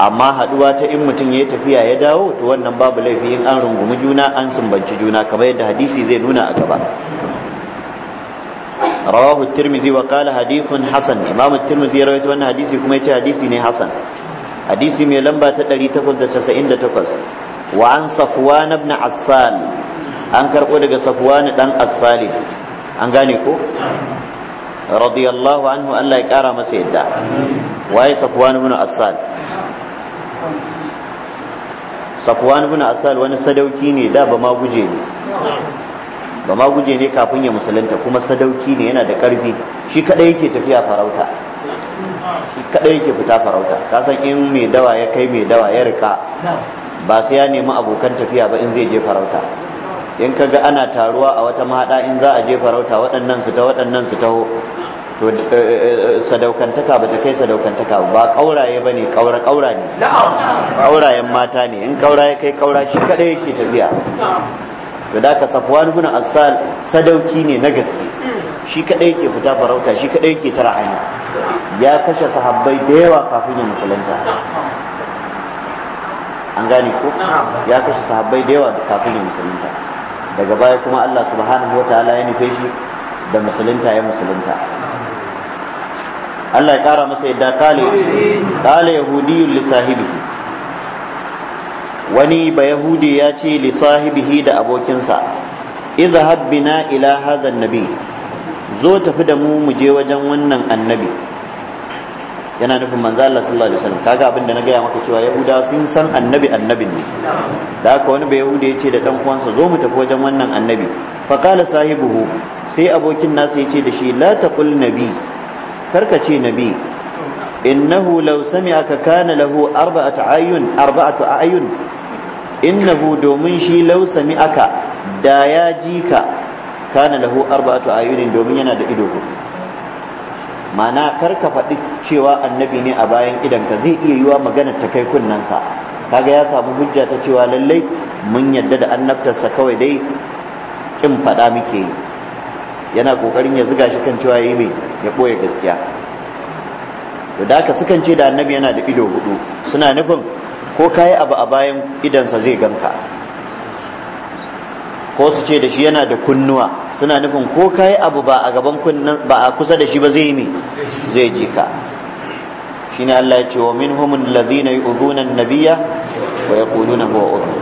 amma haduwa ta in mutum ya tafiya ya dawo to wannan babu laifi in an rungumi juna an sumbanci juna kamar yadda hadisi zai nuna a gaba rawahu tirmizi wa qala hadithun hasan imam tirmizi ya rawaita wannan hadisi kuma yace hadisi ne Hassan. hadisi mai lamba ta 898 wa an safwan ibn assal an karbo daga safwan dan assali an gane ko radiyallahu anhu Allah ya kara masa yadda waye safwan ibn assal safwan ibn assal wani sadauki ne da ba ma guje ne ba ma guje ne kafin ya musulunta kuma sadauki ne yana da karfi shi kadai yake tafiya farauta shi kadai yake fita farauta ka san in mai dawa ya kai mai dawa ya rika ba sai ya nemi abokan tafiya ba in zai je farauta in ka ga ana taruwa a wata mahada in za a je farauta waɗannan su ta waɗannan su taho to eh, eh, eh, sadaukantaka ba ta kai sadaukantaka ba kauraye ba ne kaura kaura ne kaurayen mata ne in kaura ya kai kaura shi kadai yake tafiya to da ka safwan ibn asal sadauki ne na gaske shi kadai yake fita farauta shi kadai yake tara hanya ya kashe sahabbai da yawa kafin ya musulunta an gane ko ya kashe sahabbai da yawa kafin ya musulunta daga baya kuma Allah subhanahu wataala ya nufe shi da musulunta ya musulunta Allah ya kara masa yadda kale kale yahudiyyun li sahibihi wani ba yahudi ya ce li sahibihi da abokinsa izhab bina ila hadha nabi zo tafi da mu mu je wajen wannan annabi yana nufin manzo Allah sallallahu alaihi wasallam kaga abin da na gaya maka cewa yahuda sun san annabi annabin ne da haka wani yahudi ya ce da dan uwansa zo mu tafi wajen wannan annabi fa qala sahibuhu sai abokin nasa ce da shi la taqul nabi karka ce nabi innahu law sami'aka kana lahu arba'atu ayun arba'atu ayun innahu domin shi law sami'aka da ya ji ka kana lahu arba'atu domin yana da ido hudu ma'ana kar ka faɗi cewa annabi ne a bayan ka zai iya yiwa maganar ta kai kunnensa kaga ya samu hujja ta cewa lallai mun yadda da annabtarsa kawai dai kin faɗa muke yana ƙoƙarin ya ziga shi kan cewa yi mai ya ɓoye gaskiya to da haka sukan ce da annabi yana da ido hudu suna nufin ko kayi abu a bayan idansa zai ganka ko su ce da shi yana da kunnuwa suna nufin ko kayi abu ba a gaban kunnan ba a kusa da shi ba zai mi zai ji ka ne Allah ya ce wa minhum alladhina yu'dhuna an-nabiyya wa yaquluna huwa udhun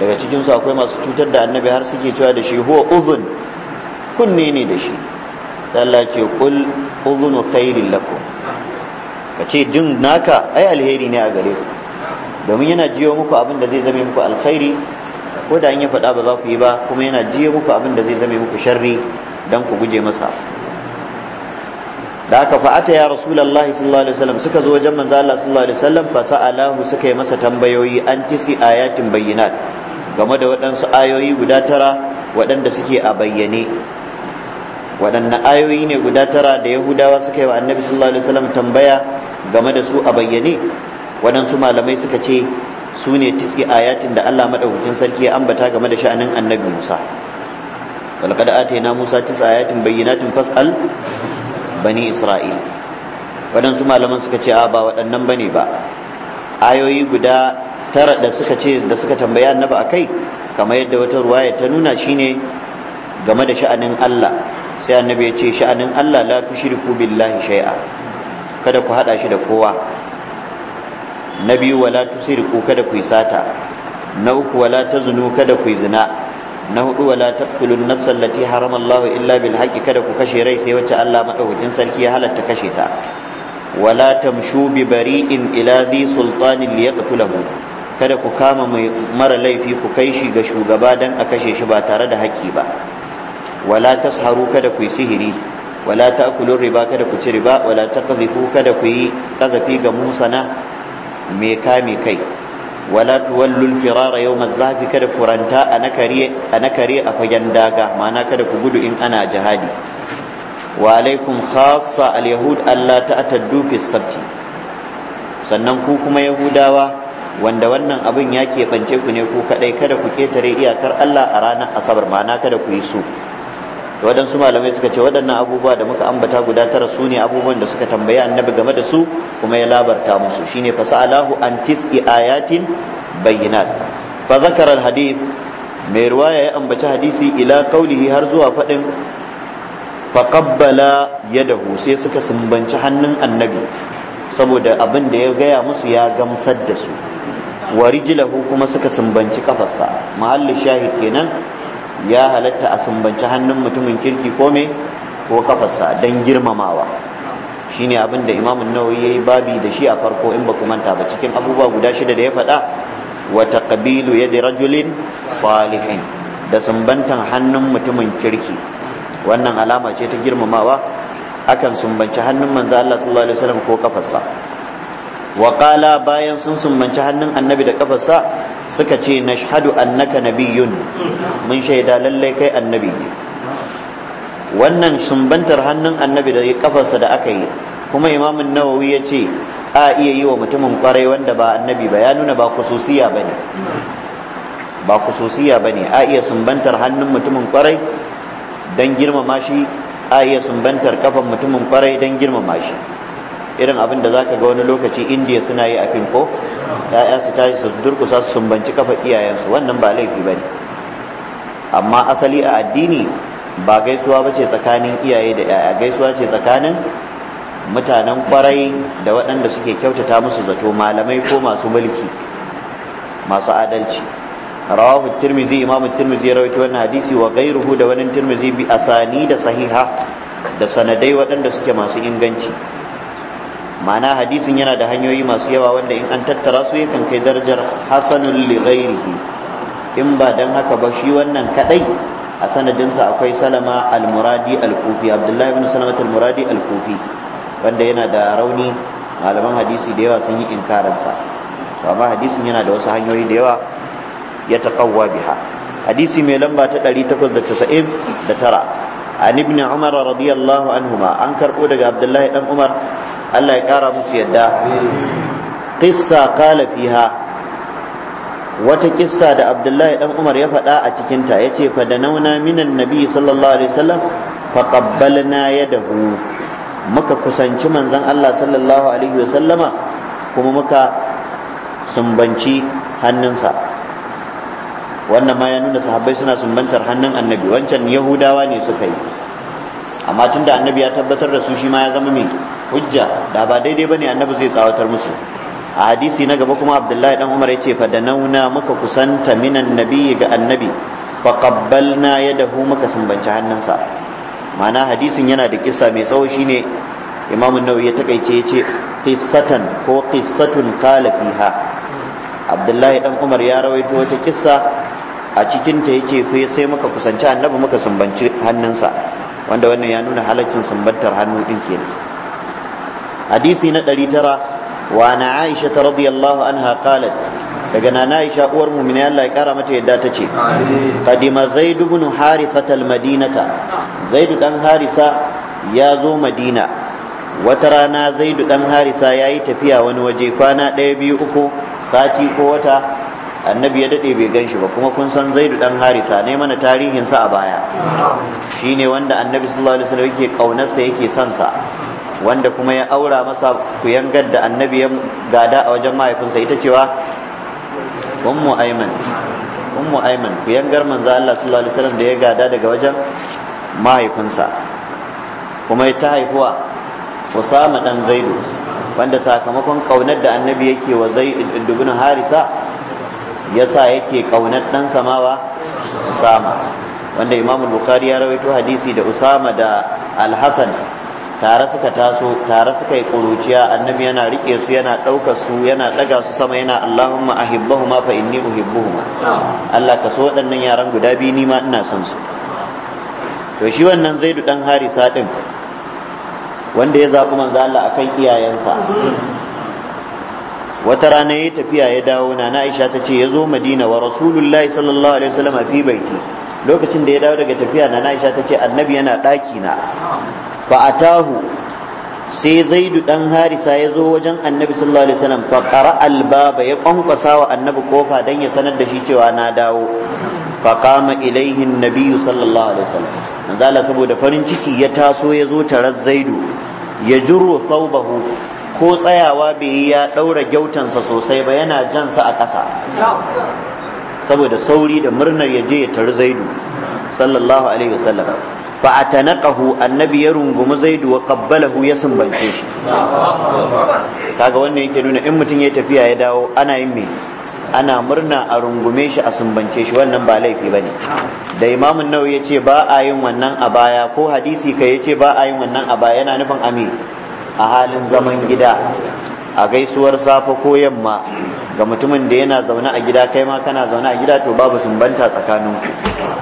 daga cikin su akwai masu cutar da annabi har suke cewa da shi huwa udhun kunne ne da shi Allah ce kul uzunu khairin lakum ka ce jin naka ai alheri ne a gare ku domin yana jiyo muku abin da zai zame muku alkhairi ko da an yi faɗa ba za ku yi ba kuma yana jiyo muku abin da zai zame muku sharri don ku guje masa da aka fa'ata ya rasulullahi sallallahu alaihi wasallam suka zo wajen manzo Allah sallallahu alaihi wasallam fa sa'alahu suka yi masa tambayoyi an tisi ayatin bayyinat game da waɗansu ayoyi guda tara waɗanda suke a bayyane waɗanne ayoyi ne guda tara da yahudawa suka yi wa annabi sallallahu alaihi wasallam tambaya game da su a bayyane waɗansu malamai suka ce su ne tiski ayatin da Allah madaukakin sarki ya ambata game da sha'anin annabi Musa walqad atayna Musa tis ayatin bayyinatin fas'al bani Isra'il waɗansu malaman suka ce a ba waɗannan bane ba ayoyi guda tara da suka ce da suka tambaya annabi akai kamar yadda wata ruwaya ta nuna shine game da sha'anin Allah sai annabi ya ce sha'anin Allah la tushriku billahi shay'a kada ku hada shi da kowa na biyu wala tusriku kada ku sata na uku wala tazunu kada ku zina na hudu wala taqtulun nafsa allati harama illa bil haqqi kada ku kashe rai sai wacce Allah madaukakin sarki ya halatta kashe ta wala tamshu bi bari'in ila dhi sultanin liyaqtulahu kada ku kama mai mara laifi ku kai shi ga shugaba dan a kashe shi ba tare da haƙƙi ba wala tasharu kada ku yi sihiri wala ta'kulu riba kada ku ci riba wala taqdhifu kada ku yi kazafi ga musana me kame kai wala tuwallul firara yawma zafi kada furanta a nakare a fagen daga mana kada ku gudu in ana jihadi wa alaikum khassa al Allah alla ta fi sabti sannan ku kuma yahudawa wanda wannan abin ya keɓance ku ne ku kaɗai kada ku ketare iyakar Allah a ranar asabar mana kada ku yi su to waɗansu malamai suka ce waɗannan abubuwa da muka ambata guda tara su ne abubuwan da suka tambayi annabi game da su kuma ya labarta musu shine sa'alahu an tis'i ayatin bayyinat fa zakara alhadith mai ruwaya ya ambaci hadisi ila qawlihi har zuwa faɗin faƙabbala yadahu sai suka sumbanci hannun annabi saboda abin da ya gaya musu ya gamsar da su wa kuma suka sumbanci kafarsa mahallin shahid kenan ya halatta a sumbanci hannun mutumin kirki ko me ko kafarsa don girmamawa shine abin da imam nawawi yi babi da shi a farko in ba ku manta ba cikin abubuwa guda shida da ya faɗa wa taqbilu yadi rajulin salihin da sumbantan hannun mutumin kirki wannan alama ce ta girmamawa akan sumbanci hannun manzo Allah sallallahu alaihi wasallam ko kafarsa waƙala bayan sun sumbanci hannun annabi da kafarsa suka ce na nashhadu annaka nabiyyun mun shaida lallai kai annabi ne wannan sumbantar hannun annabi da kafarsa da aka yi kuma imamun nawawi ya ce a iya yi wa mutumin kwarai wanda ba annabi ba ya nuna ba kususiya ba ne ba kususiya ba ne a iya sumbantar hannun mutumin kwarai don girmama shi a iya sumbantar kafan mutumin kwarai don girmama shi irin abin da za ka ga wani lokaci indiya suna yi a fim ko ya'ya su tashi su durkusa su sumbanci kafa iyayensu wannan ba laifi bane amma asali a addini ba gaisuwa bace tsakanin iyaye da ya'ya gaisuwa ce tsakanin mutanen kwarai da waɗanda suke kyautata musu zato malamai ko masu mulki masu adalci rawahu tirmizi imam tirmizi rawaito wannan hadisi wa ghairuhu da wani tirmizi bi asani da sahiha da sanadai waɗanda suke masu inganci ma'ana hadisin yana da hanyoyi masu yawa wanda in an tattara su yakan kai darajar hasanul li ghairihi in ba dan haka ba shi wannan kadai a sanadinsa akwai salama al-muradi al-kufi abdullahi ibn salama al-muradi al-kufi wanda yana da rauni malaman hadisi da yawa sun yi sa to amma hadisin yana da wasu hanyoyi da yawa ya taqawwa biha hadisi mai lamba ta 899 an ibn umar radiyallahu anhuma an karbo daga abdullahi dan umar Allah ya ƙara musu yadda qissa kala fiha wata kissa da Abdullahi dan Umar ya faɗa a cikin ta yace fa da nauna minan nabi sallallahu alaihi wasallam fa qabbalna yadahu muka kusanci manzon Allah sallallahu alaihi wasallama kuma muka sumbanci hannunsa wannan ma ya nuna sahabbai suna sumbantar hannun annabi wancan yahudawa ne suka yi amma tun da annabi ya tabbatar da su shi ma ya zama mai hujja da ba daidai ba ne annabi zai tsawatar musu a hadisi na gaba kuma abdullahi dan umar ya ce fa da muka kusanta minan nabiyyi ga annabi fa qabbalna yadahu muka sumbanci hannunsa ma'ana hadisin yana da kissa mai tsawo shine imam an-nawawi ya takaice yace qissatan ko qissatun qala fiha abdullahi dan umar ya rawaito wata kissa a cikin ta yace fa sai muka kusanci annabi muka sumbanci hannunsa wanda wannan ya nuna halaccin sumbantar hannu din kenan hadisi na 900 wa na Aisha ta radiyallahu anha qalat daga nana Aisha uwar mu'mini Allah ya kara mata yadda ta ce qadima Zaid ibn Harithah al-Madinata Zaid dan Harisa ya zo Madina wata rana Zaid dan Harisa yayi tafiya wani waje kwana ɗaya biyu uku sati ko wata annabi ya dade bai ganshi ba kuma kun san zaidu dan harisa ne mana tarihin sa a baya shine wanda annabi sallallahu alaihi wasallam yake kaunarsa yake son sa wanda kuma ya aura masa kuyangar da annabi ya gada a wajen mahaifinsa ita cewa ummu ayman ummu ku kuyangar manzo Allah sallallahu alaihi wasallam da ya gada daga wajen mahaifinsa kuma ta haihuwa Usama dan Zaidu wanda sakamakon kaunar da annabi yake wa Zaid ibn Harisa yasa yake kaunar dan samawa usama wanda imam bukhari ya rawaito hadisi da usama da al-hasan tare suka taso tare suka yi kuruciya annabi yana rike su yana ɗauka su yana ɗaga su sama yana allahumma ahibbahuma fa inni uhibbuhuma Allah ka so waɗannan yaran guda biyu ni ma ina son su to shi wannan zaidu dan harisa din wanda ya zaɓi manzo Allah akan iyayensa wata rana ya tafiya ya dawo na aisha ta ce ya zo madina wa rasulullahi sallallahu alaihi wasallam fi baiti lokacin da ya dawo daga tafiya na aisha ta ce annabi yana ɗaki na fa atahu sai zaidu dan harisa ya zo wajen annabi sallallahu alaihi wasallam fa qara albaba ya kwankwasa wa annabi kofa dan ya sanar da shi cewa na dawo fa qama ilaihi annabi sallallahu alaihi wasallam saboda farin ciki ya taso ya zo tarar zaidu ya jurru thawbahu ko tsayawa bai yi ya ɗaura gyautansa sosai ba yana jansa a ƙasa saboda sauri da murnar ya je ya tari zaidu sallallahu alaihi wasallam fa atanaqahu annabi ya rungumi zaidu wa qabbalahu ya sumbance shi kaga wannan yake nuna in mutum ya tafiya ya dawo ana yin me ana murna a rungume shi a sumbance shi wannan ba laifi bane da imamun nawawi yace ba a yin wannan a baya ko hadisi kai yace ba a yin wannan a baya yana nufin ami a halin zaman gida a gaisuwar safe ko yamma ga mutumin da yana zaune a gida kai ma kana zaune a gida to babu sumbanta tsakanin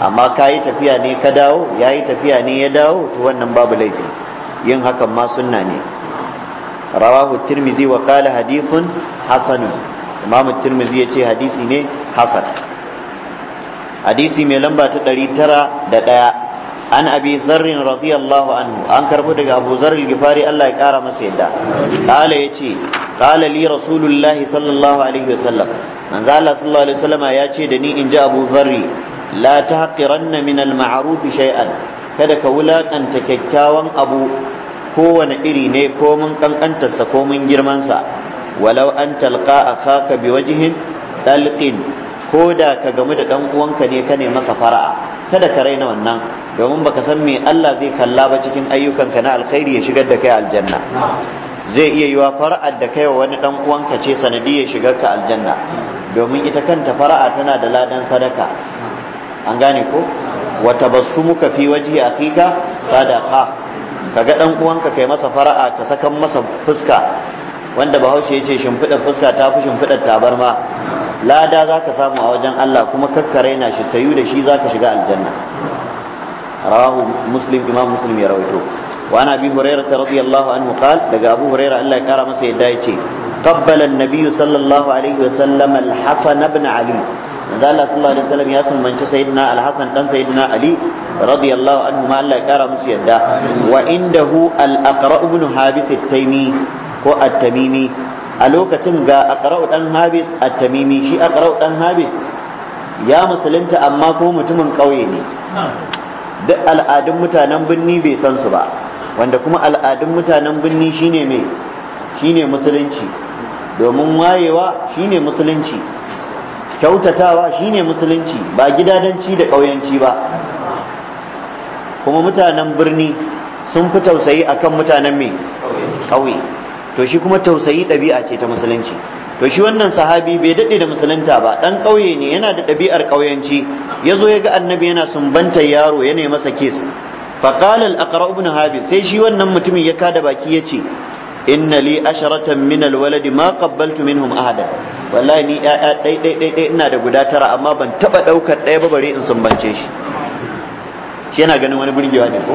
amma ka yi tafiya ne ka dawo ya yi tafiya ne ya dawo to wannan babu laifi yin hakan ma sunna ne rawahu tirmizi wa kala hadithun hasanu imamu tirmizi ya ce hadisi ne hasan hadisi mai lamba ta ɗari tara da ɗaya. an abi zarrin radiyallahu anhu an karbo daga abu zarrin gifari Allah ya kara masa yadda kala ya ce kala li rasulullahi sallallahu alaihi wasallam manzo Allah sallallahu alaihi wasallam ya ce da ni in ji abu zarri la tahqiranna min al ma'ruf shay'an kada ka wulakanta kyakkyawan abu kowane iri ne ko mun kankantarsa ko mun girmansa walau an talqa bi biwajhin dalqin ko da ka gamu da dan uwanka ne ka ne masa fara'a kada ka raina wannan domin baka san me Allah zai kalla ba cikin ayyukanka na alkhairi ya shigar da kai aljanna zai iya yiwa fara'ar da kai wa wani dan uwanka ce ya shigar ka aljanna domin ita kanta fara'a tana da ladan sadaka an gane ko wa tabassumuka fi wajhi akika sadaqa kaga dan uwanka kai masa fara'a ka sakan masa fuska wanda bahaushe ya ce shimfiɗar fuska ta fi shimfiɗar tabarma lada za ka samu a wajen Allah kuma kakkare na shi tayu da shi za ka shiga aljanna rawahu muslim imam muslim ya rawaito wa ana bi hurairah radiyallahu anhu qal daga abu hurairah Allah ya kara masa yadda yace qabbala an-nabiy sallallahu alaihi wa sallam al-hasan ibn ali manzo Allah sallallahu alaihi wa sallam ya sumbanci sayyidina al-Hasan dan sayyidina Ali radiyallahu anhu ma Allah ya kara musu yadda wa indahu al-Aqra ibn Habis at-Taymi ko at-Tamimi a lokacin ga aqra'u dan habis at-tamimi shi aqra'u dan habis ya musulunta amma ko mutumin ƙauye ne duk al'adun mutanen birni bai san su ba wanda kuma al'adun mutanen birni shine me shine musulunci domin wayewa shine musulunci kyautatawa shine musulunci ba gidadanci da ƙauyanci ba kuma mutanen birni sun fi tausayi akan mutanen mai ƙauye to shi kuma tausayi ɗabi'a ce ta musulunci to shi wannan sahabi bai daɗe da musulunta ba ɗan ƙauye ne yana da ɗabi'ar ƙauyenci ya zo ya ga annabi yana sumbantar yaro yana masa kes faƙal al-aqra ibn Habib sai shi wannan mutumin ya kada baki ya ce inna li asharatan min alwaladi ma qabbaltu minhum ahada wallahi ni ya'ya ɗai dai dai ina da guda tara amma ban taba ɗaukar ɗaya ba bare in sumbance shi shi yana ganin wani burgewa ne ko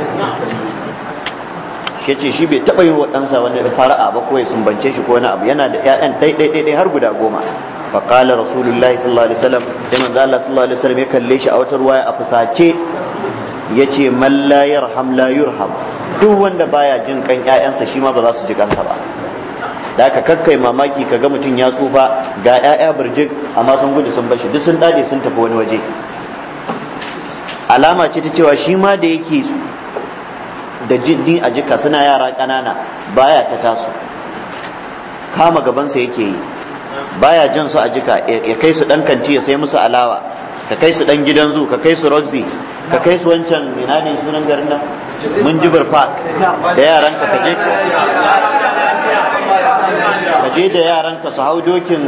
shi ce shi bai taɓa yi wa ɗansa wani fara'a ba ko ya sumbance shi ko wani abu yana da ƴaƴan ɗai har guda goma fa qala rasulullahi sallallahu alaihi wasallam sai manzo Allah sallallahu alaihi wasallam ya kalle shi a wata ruwaya a fusace yace man la yarham la yurham duk wanda baya jin kan ƴaƴansa shi ma ba za su ji kansa ba da ka kakkai mamaki ka ga mutum ya tsufa ga 'ya'ya birjik amma sun gudu sun bashi duk sun dade sun tafi wani waje alama ce ta cewa shi ma da yake da jini a jika suna yara ƙanana baya ta taso. kama gabansa yake yi baya jan su a jika ya kai su ɗan kanti ya sai musu alawa ka kai su ɗan gidan zu ka kai su roxy ka kai su wancan ina ne sunan garin nan mun jibir park da yaran ka kaje kaje da yaran ka su hau dokin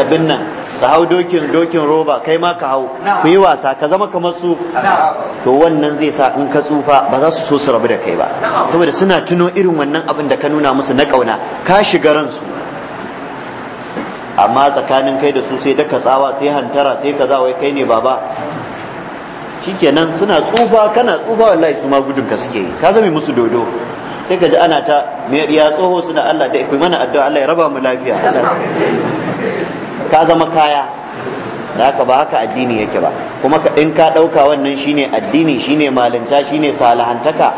abin nan su hau dokin dokin roba kai ma ka hau ku yi wasa ka zama kamar su to wannan zai sa in ka tsufa ba za su so su rabu da kai ba saboda suna tuno irin wannan abin da ka nuna musu na kauna ka shiga ransu amma tsakanin kai da su sai daka tsawa sai hantara sai ka wai kai ne baba shikenan suna tsufa kana tsufa wallahi su ma gudun ka suke ka zame musu dodo sai ka ji ana ta mai riya tsoho suna Allah da ikwai mana addu'a Allah ya raba mu lafiya ka zama kaya haka ba haka addini yake ba kuma ka in ka ɗauka wannan shine addini shine malinta shine salahantaka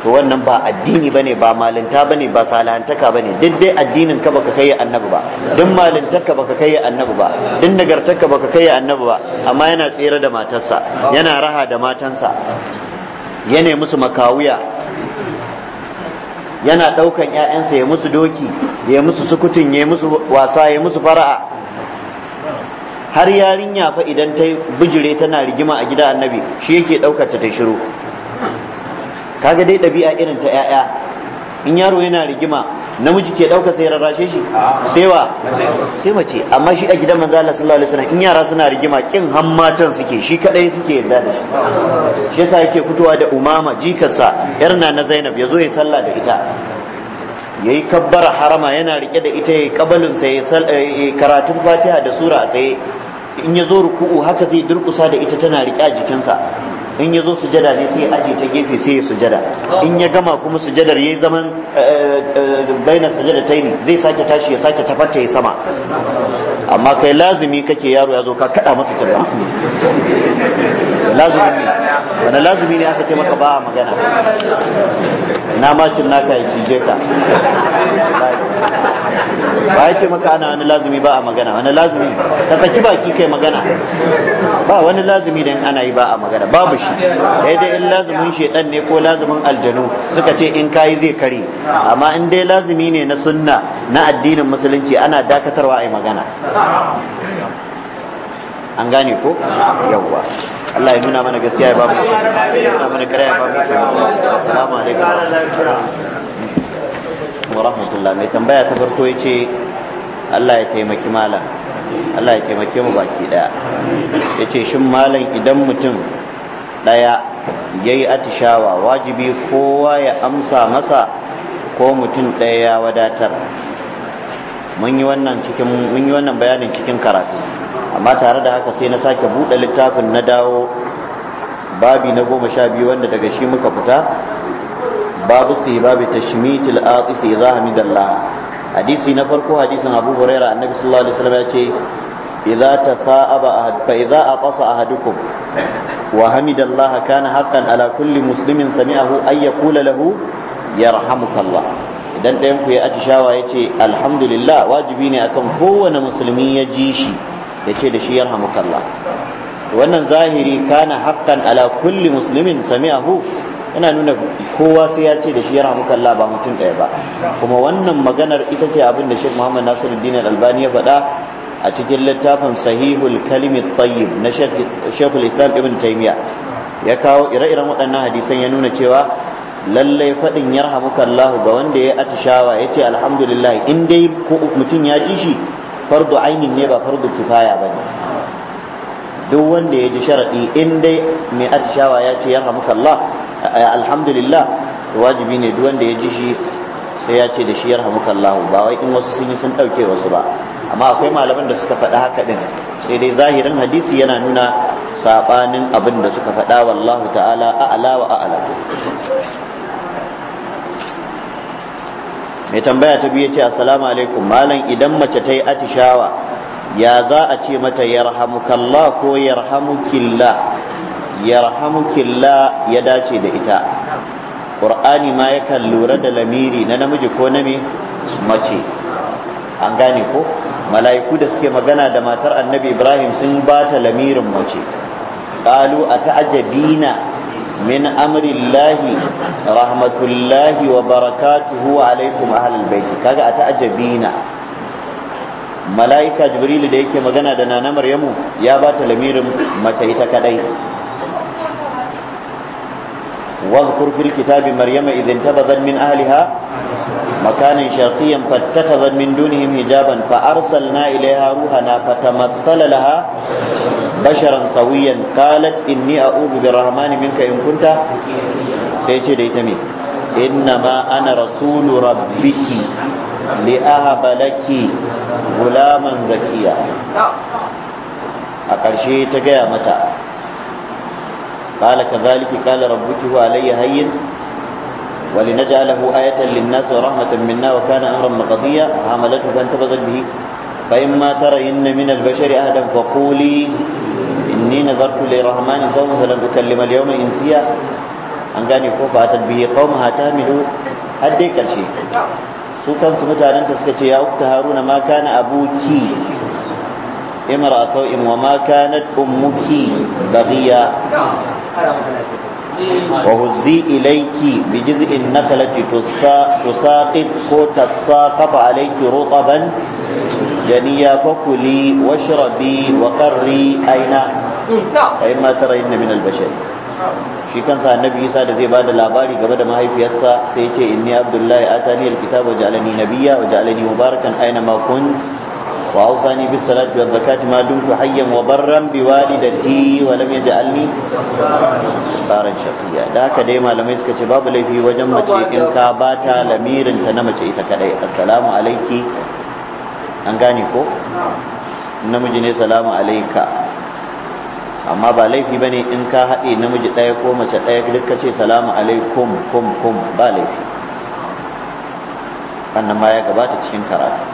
to wannan ba addini bane ba malinta bane ba salahantaka bane duk dai addinin ka baka kai annabi ba duk malintarka baka kai annabi ba duk nagartarka baka kai annabi ba amma yana tsere da matarsa yana raha da matansa yana musu makawuya yana ɗaukan 'ya'yansa ya musu doki ya musu sukutun ya musu wasa ya musu fara'a har yarinya fa idan ta bijire tana rigima a gida annabi shi yake ɗaukar ta tai shiru kaga dai ɗabi'a irin ta 'ya'ya in yaro yana rigima namiji ke ɗauka sai rarrashe shi sai wa sai mace amma shi a gidan manzo Allah sallallahu alaihi wasallam in yara suna rigima kin hammatan suke shi kadai suke yarda da shi shi yasa yake fitowa da umama jikarsa yar na Zainab yazo ya sallah da ita yayi kabbara harama yana rike da ita yayi kabalin sa yayi eh, eh, karatun Fatiha da sura a tsaye in ya zo ruku'u haka zai durkusa da ita tana rike a jikinsa in ya zo sujada ne sai aje ta gefe sai ya sujada in ya gama kuma sujadar yayi zaman eh, baina sujada ta yi zai sake tashi ya sake tafarta ya sama amma kai lazimi kake yaro ya zo ka kada masa tarba lazimi wani lazumi ne aka ce maka ba magana na macin naka ya cije ka ba ya ce maka ana wani lazumi ba a magana wani lazumi ka saki baki kai magana ba wani lazumi da ana yi ba a magana babu shi dai dai in lazumin shedan ne ko lazumin aljanu suka ce in kayi zai kare amma in dai lazumi ne na sunna na addinin musulunci ana dakatarwa a yi magana an gane ko yawwa Allah ya nuna mana gaskiya ya bamu nuna mana kare ya bamu assalamu alaikum wa rahmatullah mai tambaya ta farko ce Allah ya taimaki malam Allah ya taimake mu baki daya ya ce shin malam idan mutum daya ya yi atishawa wajibi kowa ya amsa masa ko mutum daya ya wadatar mun yi wannan cikin mun yi wannan bayanin cikin karatu amma tare da haka sai na sake buɗe littafin na dawo babi na goma sha biyu wanda daga shi muka fita babu babu sai za a mi dalla hadisi na farko hadisin Abu Huraira annabi sallallahu alaihi wasallam ya ce idza tasaaba ahad fa idza aqasa ahadukum wa Allah kana haqqan ala kulli muslimin sami'ahu ay yaqula lahu kalla? idan ɗayan ku ya atishawa ya ce alhamdulillah wajibi ne akan kowane musulmi ya ji shi ya ce da shi yarhamukallah wannan zahiri kana haqqan ala kulli muslimin sami'ahu yana nuna kowa sai ya ce da shi yana ba mutum ɗaya ba kuma wannan maganar ita ce abin da Sheikh Muhammad Nasiruddin Al-Albani ya faɗa a cikin littafin Sahihul Kalimi Tayyib na Sheikh Islam Ibn Taymiyyah ya kawo ire-iren waɗannan hadisan ya nuna cewa lallai faɗin yarhamuka Allah ga wanda ya atishawa ya ce alhamdulillah in dai mutum ya ji shi fardu ainin ne ba fardu kifaya ba duk wanda ya ji sharaɗi in dai mai atishawa ya ce yan Allah eh, alhamdulillah wajibi ne duk wanda ya ji shi sai ya ce da shi yarhamukallahu ba wai in wasu sun yi sun ɗauke wasu ba amma akwai malaman da suka faɗa haka ɗin sai dai zahirin hadisi yana nuna saɓanin abin da suka faɗa wallahu ta'ala a'ala wa a'ala mai tambaya ta biyu ce assalamu alaikum malam idan mace ta yi atishawa ya za a ce mata yarhamukallah ko Yarhamukilla? Yarhamukilla ya dace da ita ƙur'ani ma yakan lura da lamiri na namiji ko na mace an gane ko mala'iku da suke magana da matar annabi ibrahim sun ba ta lamirin mace ƙalu a ta'ajabina من أمر الله رحمة الله وبركاته عليكم أهل البيت كاجا أتعجبين ملائكة جبريل ديكي مغنى دنا نمر يمو يا بات لمير متى يتكدين واذكر في الكتاب مريم إذ انتبذت من أهلها مكانا شرقيا فاتخذت من دونهم هجابا فأرسلنا إليها روحنا فتمثل لها بشرا سويا قالت إني أعوذ بالرحمن منك إن كنت سيتي ديتمي إنما أنا رسول ربك لأهب لك غلاما زكيا أقرشي تجاه متى قال كذلك قال ربك هو علي هين ولنجعله آية للناس ورحمة منا وكان أمرا مقضيا حملته فانتبذت به فإما ترين من البشر أهدا فقولي إني نذرت للرحمن صوما فلن أكلم اليوم إنسيا an gane ko ba ta biye qaum ha ta milu har dai karshe su kansu mutanen da suka ce ya ukta haruna ma kana abuki a sau'in wa ma kanat ummuki bagiya wa huzzi ilayki bi jiz'in nakalati tusaqit ko tasaqat alayki rutaban janiya fakuli washrabi wa ƙarri aina fa imma tarayna min al shi kansa annabi Isa da zai bada labari game da mahaifiyarsa sai ya ce inni abdullahi atani al wa ja'alani nabiyya wa ja'alani mubarakan aina ma kunt وأوصاني بالصلاة والزكاة ما دمت حيا وبرا بوالدتي ولم يجعلني بارا شقيا ذاك ديما لم يسكت باب لي في وجمة إن كابات لمير تنمت إتكالي السلام عليك أنغاني كو نمجني سلام عليك amma ba laifi bane in ka haɗe namiji ɗaya ko mace ɗaya duk ka ce salamu alaikum kum kum ba laifi wannan ma ya gabata cikin karatu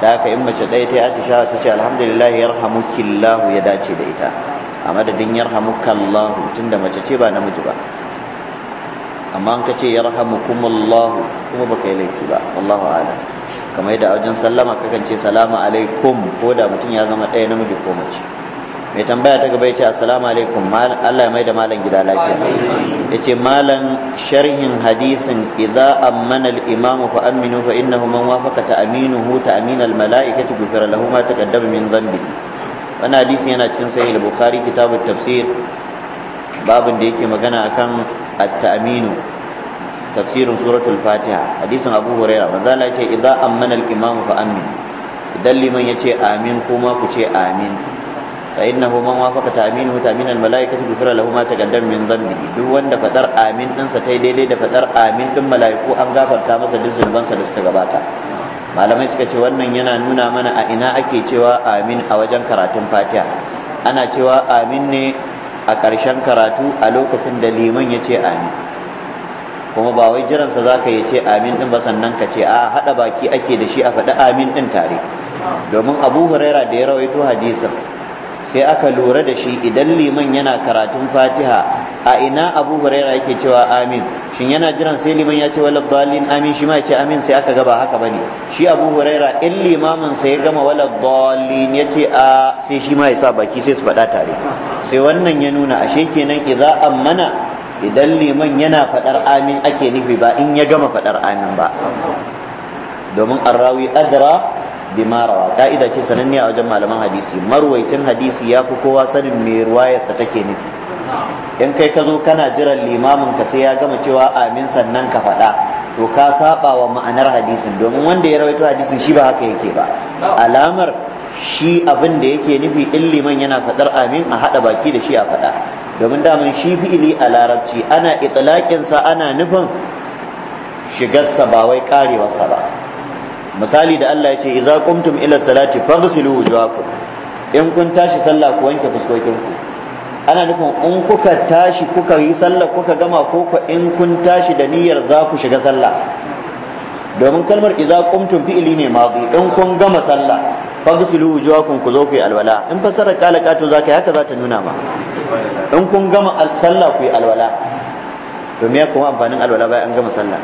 da haka in mace ɗaya ta yi atishawa ta ce alhamdulillah yarhamukillahu ya dace da ita a madadin yarhamukallahu tunda mace ce ba namiji ba amma an ka ce kuma baka yi laifi ba wallahu kamar yadda a wajen sallama kakan ce salamu alaikum ko da mutum ya zama ɗaya namiji ko mace mai tambaya ta gaba yace assalamu alaikum Allah ya mai da malam gida lafiya yace malam sharhin hadisin idza ammana al-imamu fa aminu fa innahu man wafaqa ta ta'min al-mala'ikati ghufira lahu ma taqaddama min dhanbihi wannan hadisin yana cikin sahih al-bukhari kitab tafsir babin da yake magana akan at-ta'minu tafsirin suratul fatiha hadisin abu huraira manzo Allah ce idza ammana al-imamu fa aminu idan liman yace amin kuma ku ce amin فإنه من وافق تأمينه تأمين الملائكة غفر له ما تقدم من ذنبه duk wanda fadar amin ɗinsa sa tai daidai da fadar amin din mala'iku an gafarta masa duk zunuban sa da suka gabata malamai suka ce wannan yana nuna mana a ina ake cewa amin a wajen karatun Fatiha ana cewa amin ne a ƙarshen karatu a lokacin da liman ya ce amin kuma ba wai jiransa za ka yi ce amin din ba sannan ka ce a haɗa baki ake da shi a faɗi amin din tare domin abu huraira da ya rawaito hadisin sai aka lura da shi idan liman yana karatun fatiha a ina abu huraira yake cewa amin shin yana jiran sai liman ya ce wala dalin amin shi ma ya ce amin sai aka gaba haka bane shi abu huraira in limamin sai ya gama wala dalin ya ce a sai shi ma ya sa baki sai su faɗa tare sai wannan ya nuna ashe kenan idza ammana idan liman yana faɗar amin ake nufi ba in ya gama faɗar amin ba domin arrawi adra Bimarawa, rawa ka'ida ce sananne a wajen malaman hadisi marwaicin hadisi ya fi kowa sanin me ruwayarsa take nufi in kai ka zo kana jiran limamin ka sai ya gama cewa amin sannan ka faɗa to ka saba wa ma'anar hadisin domin wanda ya rawaito hadisin shi ba haka yake ba alamar shi abin da yake nufi in liman yana faɗar amin a haɗa baki da shi a faɗa domin daman shi fi'ili a larabci ana itilakinsa ana nufin shigarsa ba wai karewarsa ba misali da Allah ya ce idza qumtum ila salati faghsilu wujuhakum in kun tashi sallah ku wanke fuskokin ku ana nufin in kuka tashi kuka yi sallah kuka gama ko in kun tashi da niyyar za ku shiga sallah domin kalmar idza qumtum fi'li ne madi in kun gama sallah faghsilu wujuhakum ku zo ku yi alwala in fasara kala kato zaka haka za ta nuna ma in kun gama sallah ku yi alwala to me kuma amfanin alwala bayan an gama sallah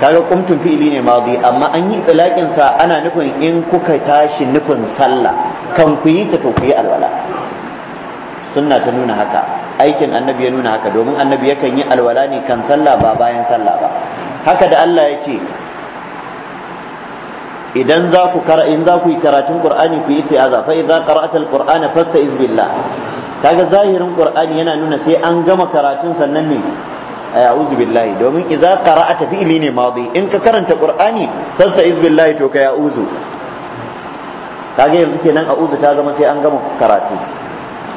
kaga ƙumtun fi'ili ne madi amma an yi itlaqin sa ana nufin in kuka tashi nufin sallah kan ku yi ta to ku yi alwala sunna ta nuna haka aikin annabi ya nuna haka domin annabi yakan yi alwala ne kan sallah ba bayan sallah ba haka da Allah ya ce idan za ku kara in za ku yi karatun qur'ani ku yi isti'aza fa idza qara'atal qurana fasta'iz billah kaga zahirin qur'ani yana nuna sai an gama karatun sannan ne a'udhu billahi domin idza qara'ata fi'li ne madi in ka karanta qur'ani fasta'iz billahi to ka ya'uzu kage yanzu kenan a'uzu ta zama sai an gama karatu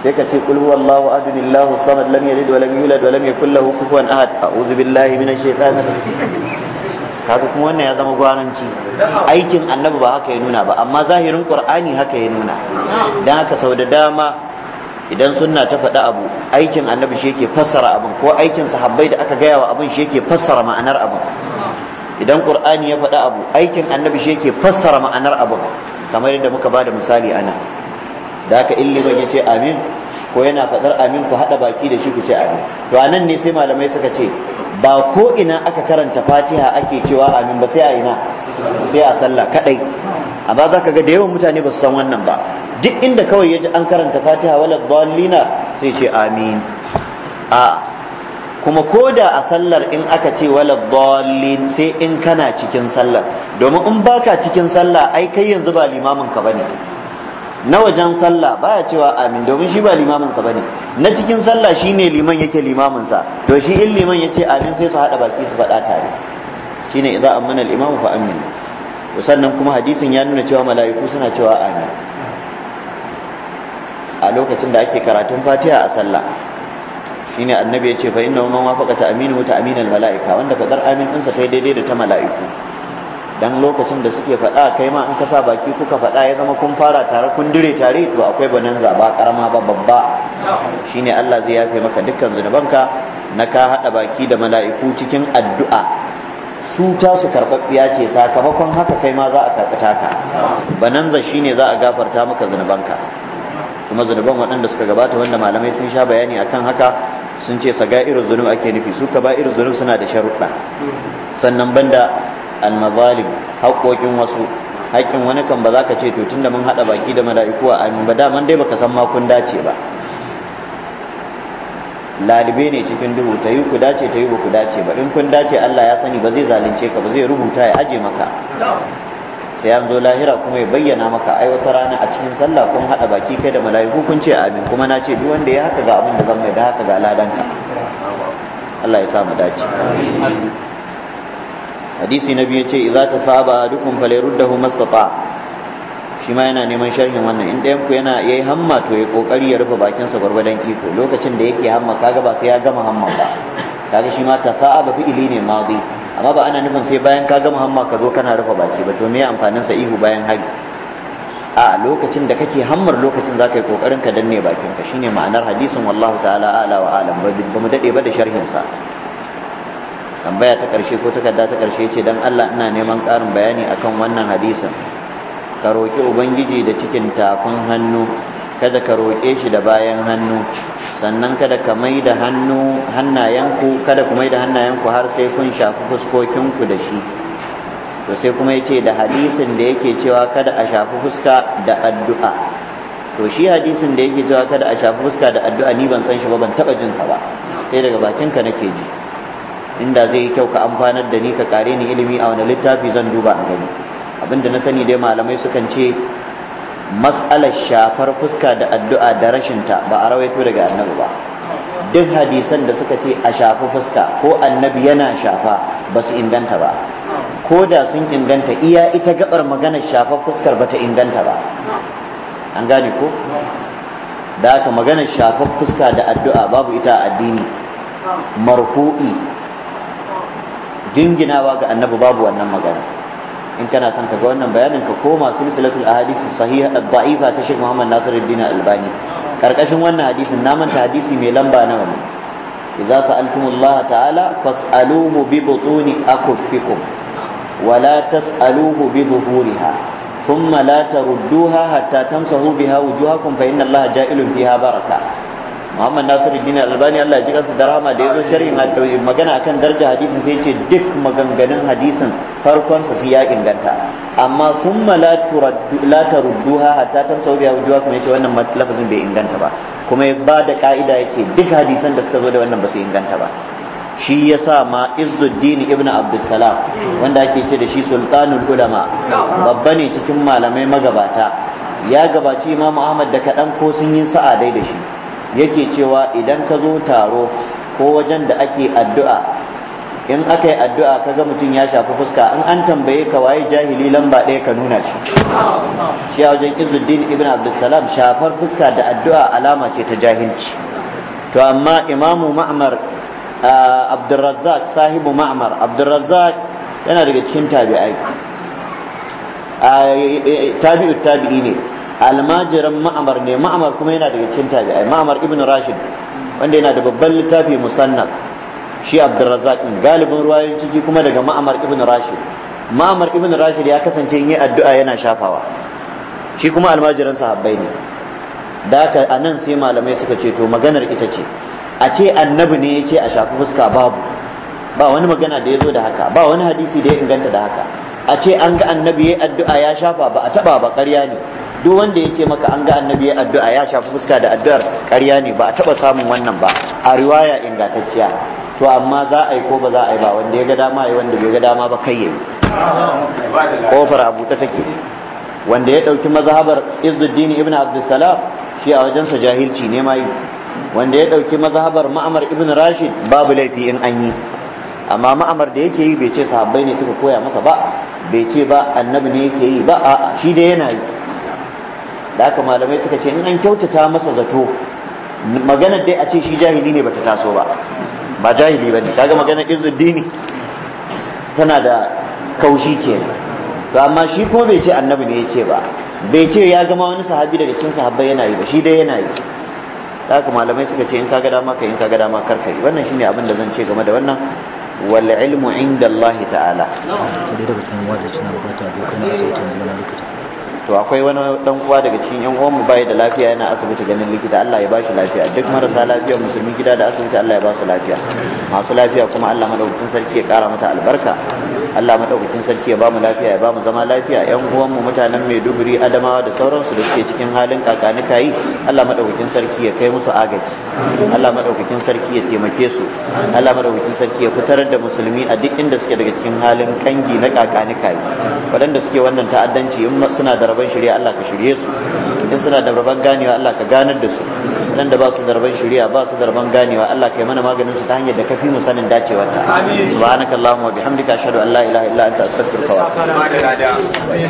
sai ka ce qul huwallahu adunillahu samad lam yalid wa lam yulad wa lam yakul lahu kufuwan ahad a'uzu billahi minash shaitani rajim kaga kuma wannan ya zama gwaranci aikin annabi ba haka ya nuna ba amma zahirin qur'ani haka ya nuna dan haka sau da dama idan sunna ta faɗi abu aikin annabi shi yake fassara abin ko aikin sahabbai da aka gaya wa abin shi yake fassara ma'anar abin idan qur'ani ya faɗi abu aikin annabi shi yake fassara ma'anar abin kamar yadda muka ba da misali ana da haka in liman ya ce amin ko yana faɗar amin ku haɗa baki da shi ku ce amin to a nan ne sai malamai suka ce ba ko ina aka karanta fatiha ake cewa amin ba sai a ina sai a sallah kadai amma za ka ga da yawan mutane ba su san wannan ba duk inda kawai ya ji an karanta fatiha wala dallina sai ce amin a kuma ko da a sallar in aka ce wala dallin sai in kana cikin sallar domin in baka cikin sallah ai kai yanzu ba limamin ka bane na wajen sallah baya cewa amin domin shi ba limamin sa bane na cikin sallah shine liman yake limamin to shi in liman yace amin sai su hada baki su faɗa tare shine idza amana al-imamu fa amin sannan kuma hadisin ya nuna cewa mala'iku suna cewa amin a lokacin da ake karatun fatiha a sallah shine annabi ya ce fa inna man wafaqa ta aminu ta aminal mala'ika wanda fadar amin din sa sai daidai da ta mala'iku dan lokacin da suke faɗa kai ma in ka sa baki kuka faɗa ya zama kun fara tare kun dire tare to akwai bananza ba karama ba babba shine Allah zai yafe maka dukkan zunubanka na ka haɗa baki da mala'iku cikin addu'a su ta su karɓaɓɓiya ce sakamakon haka kai ma za a karɓi taka bananza shine za a gafarta maka zunubanka kuma zunuban waɗanda suka gabata wanda malamai sun sha bayani akan haka sun ce irin zunub ake nufi su ka irin zunub suna da sharuɗa sannan banda almazalim haƙoƙin wasu haƙƙin wani kan ba za ka ce to tunda mun haɗa baki da mala'ikuwa a amin ba daman dai baka san ma kun dace ba lalibe ne cikin duhu ta yi ku dace ta yi ba ku dace ba in kun dace Allah ya sani ba zai zalunce ka ba zai rubuta ya aje maka sai an zo lahira kuma ya bayyana maka ai wata rana a cikin sallah kun hada baki kai da mala'iku kun ce amin kuma na ce duk wanda ya haka ga abin da zan mai da haka ga ka Allah ya sa mu dace hadisi na biyu ce idza tasaba dukum falyaruddahu mastata shi ma yana neman sharhin wannan in ɗayan ku yana yayi hamma to ya kokari ya rufe bakin sa gwargwadon iko lokacin da yake hamma kaga ba sai ya gama hamma ba kaga shi ma tafa'aba fi'ili ne madi amma ba ana nufin sai bayan ka gama hamma ka zo kana rufe baki ba to me amfanin sa ihu bayan hari a lokacin da kake hammar lokacin zaka yi kokarin ka danne bakin ka shine ma'anar hadisin wallahu ta'ala ala wa alam ba mu dade ba da sharhin sa tambaya ta karshe ko takarda ta karshe ce dan Allah ina neman karin bayani akan wannan hadisin ka roƙi ubangiji da cikin tafin hannu kada ka roƙe shi da bayan hannu sannan kada ka mai da hannu hannayenku kada ku mai da hannayenku har sai kun shafi fuskokinku da shi to sai kuma ya ce da hadisin da yake cewa kada a shafi fuska da addu'a to shi hadisin da yake cewa kada a shafi fuska da addu'a ni ban san shi ba ban taɓa jinsa ba sai daga bakin bakinka nake ji inda zai yi kyau ka amfanar da ni ka kare ni ilimi a wani littafi zan duba a gani abinda na sani dai malamai sukan ce mas'alar shafar fuska da addu'a da rashinta ba a rawaito daga annabi ba duk hadisan da suka ce a shafi fuska ko annabi yana shafa ba su inganta ba ko da sun inganta iya ita gabar maganar shafar fuskar ba ta inganta ba an gane ko da aka maganar shafar fuska da addu'a babu ita a addini marfu'i jinginawa ga annabi babu wannan magana in kana son ka ga wannan bayanin ka koma silsilatul ahadisi sahiha ad-da'ifa ta Sheikh Muhammad Nasiruddin Albani karkashin wannan hadisin na manta hadisi mai lamba nawa ne idza sa'altumullaha ta'ala fas'aluhu bi butuni akuffikum wa la tas'aluhu bi dhuhuriha ثم لا تردوها حتى تمسحوا بها وجوهكم فإن الله جائل فيها baraka. Muhammad Nasiruddin Albani Allah ya ji kansa da rahama da yazo sharhin magana akan darja hadisin sai ce duk maganganun hadisin farkon sa ya inganta amma summa la turaddu la tarudduha hatta tamsau biha wujuha kuma yace wannan lafazin bai inganta ba kuma ya ba da ka'ida yace duk hadisan da suka zo da wannan ba su inganta ba shi ya sa ma izzuddin ibn abdussalam wanda ake ce da shi sultanul ulama babba ne cikin malamai magabata ya gabaci imam ahmad da kaɗan ko sun yi sa'a dai da shi yake cewa idan ka zo taro ko wajen da ake addu'a in aka yi addu'a kaga mutum ya shafi fuska in an tambaye ka waye jahili lamba ɗaya ka nuna shi shi a wajen izuddin ibn abdulsalam shafar fuska da addu'a alama ce ta jahilci to amma imamu ma'amar Abdulrazak sahibu ma'amar Abdulrazak yana daga cikin tabi'ai tabi'u tabi'i ne almajiran ma'amar ne ma'amar kuma yana daga cikin tabi'ai ma'amar ibn rashid wanda yana da babban littafi musannaf shi abdurrazzaq galibin ruwayoyin ciki kuma daga ma'amar ibn rashid ma'amar ibn rashid ya kasance yin addu'a yana shafawa shi kuma almajiran sahabbai ne da haka a sai malamai suka ce to maganar ita ce a ce annabi ne ya ce a shafi fuska babu ba wani magana da ya zo da haka ba wani hadisi da ya inganta da haka a ce an ga annabi ya addu'a ya shafa ba a taba ba ƙarya ne duk wanda ya ce maka an ga annabi ya addu'a ya shafa fuska da addu'ar ƙarya ne ba a taba samun wannan ba a riwaya ingantacciya to amma za a yi ko ba za a yi ba wanda ya ga dama ya wanda bai ga dama ba kai yayi kofar a buɗe take wanda ya ɗauki mazhabar izuddin ibn Abdussalam shi a wajensa jahilci ne ma wanda ya ɗauki mazhabar Ma'amar ibn Rashid babu laifi in an yi amma ma'amar da yake yi bai ce sahabbai ne suka koya masa ba bai ce ba annabi ne yake yi ba a shi da yana yi da haka malamai suka ce in an kyautata masa zato maganar dai a ce shi jahili ne bata taso ba ba jahili ba ne kaga maganar izuddini tana da kaushi kenan to amma shi ko bai ce annabi ne ya ce ba bai ce ya gama wani sahabi daga cikin sahabbai yana yi ba shi dai yana yi haka malamai suka ce in ka ga dama ka in ka ga dama karka yi wannan shine abin da zan ce game da wannan wal ilmu inda Allah ta'ala to akwai wani dan uwa daga cikin yan uwan mu bai da lafiya yana asibiti ganin likita Allah ya ba shi lafiya duk marasa lafiya musulmi gida da asibiti Allah ya ba su lafiya masu lafiya kuma Allah madaukakin sarki ya kara mata albarka Allah madaukakin sarki ya ba mu lafiya ya ba mu zama lafiya yan uwan mu mutanen Maiduguri Adamawa da sauran su da suke cikin halin kakanika Allah madaukakin sarki ya kai musu agaji Allah madaukakin sarki ya taimake su Allah madaukakin sarki ya fitar da musulmi a duk inda suke daga cikin halin kangi na kakanika waɗanda suke wannan ta'addanci in suna da rabon shari'a Allah ka shirye su in suna da rabon ganewa Allah ka ganar da su waɗanda ba su da rabon shari'a ba su da rabon ganewa Allah ka yi mana maganin su ta hanyar da kafi mu sanin dacewa ta subhanakallahumma wa bihamdika ashhadu an la ilaha illa anta astaghfiruka wa atubu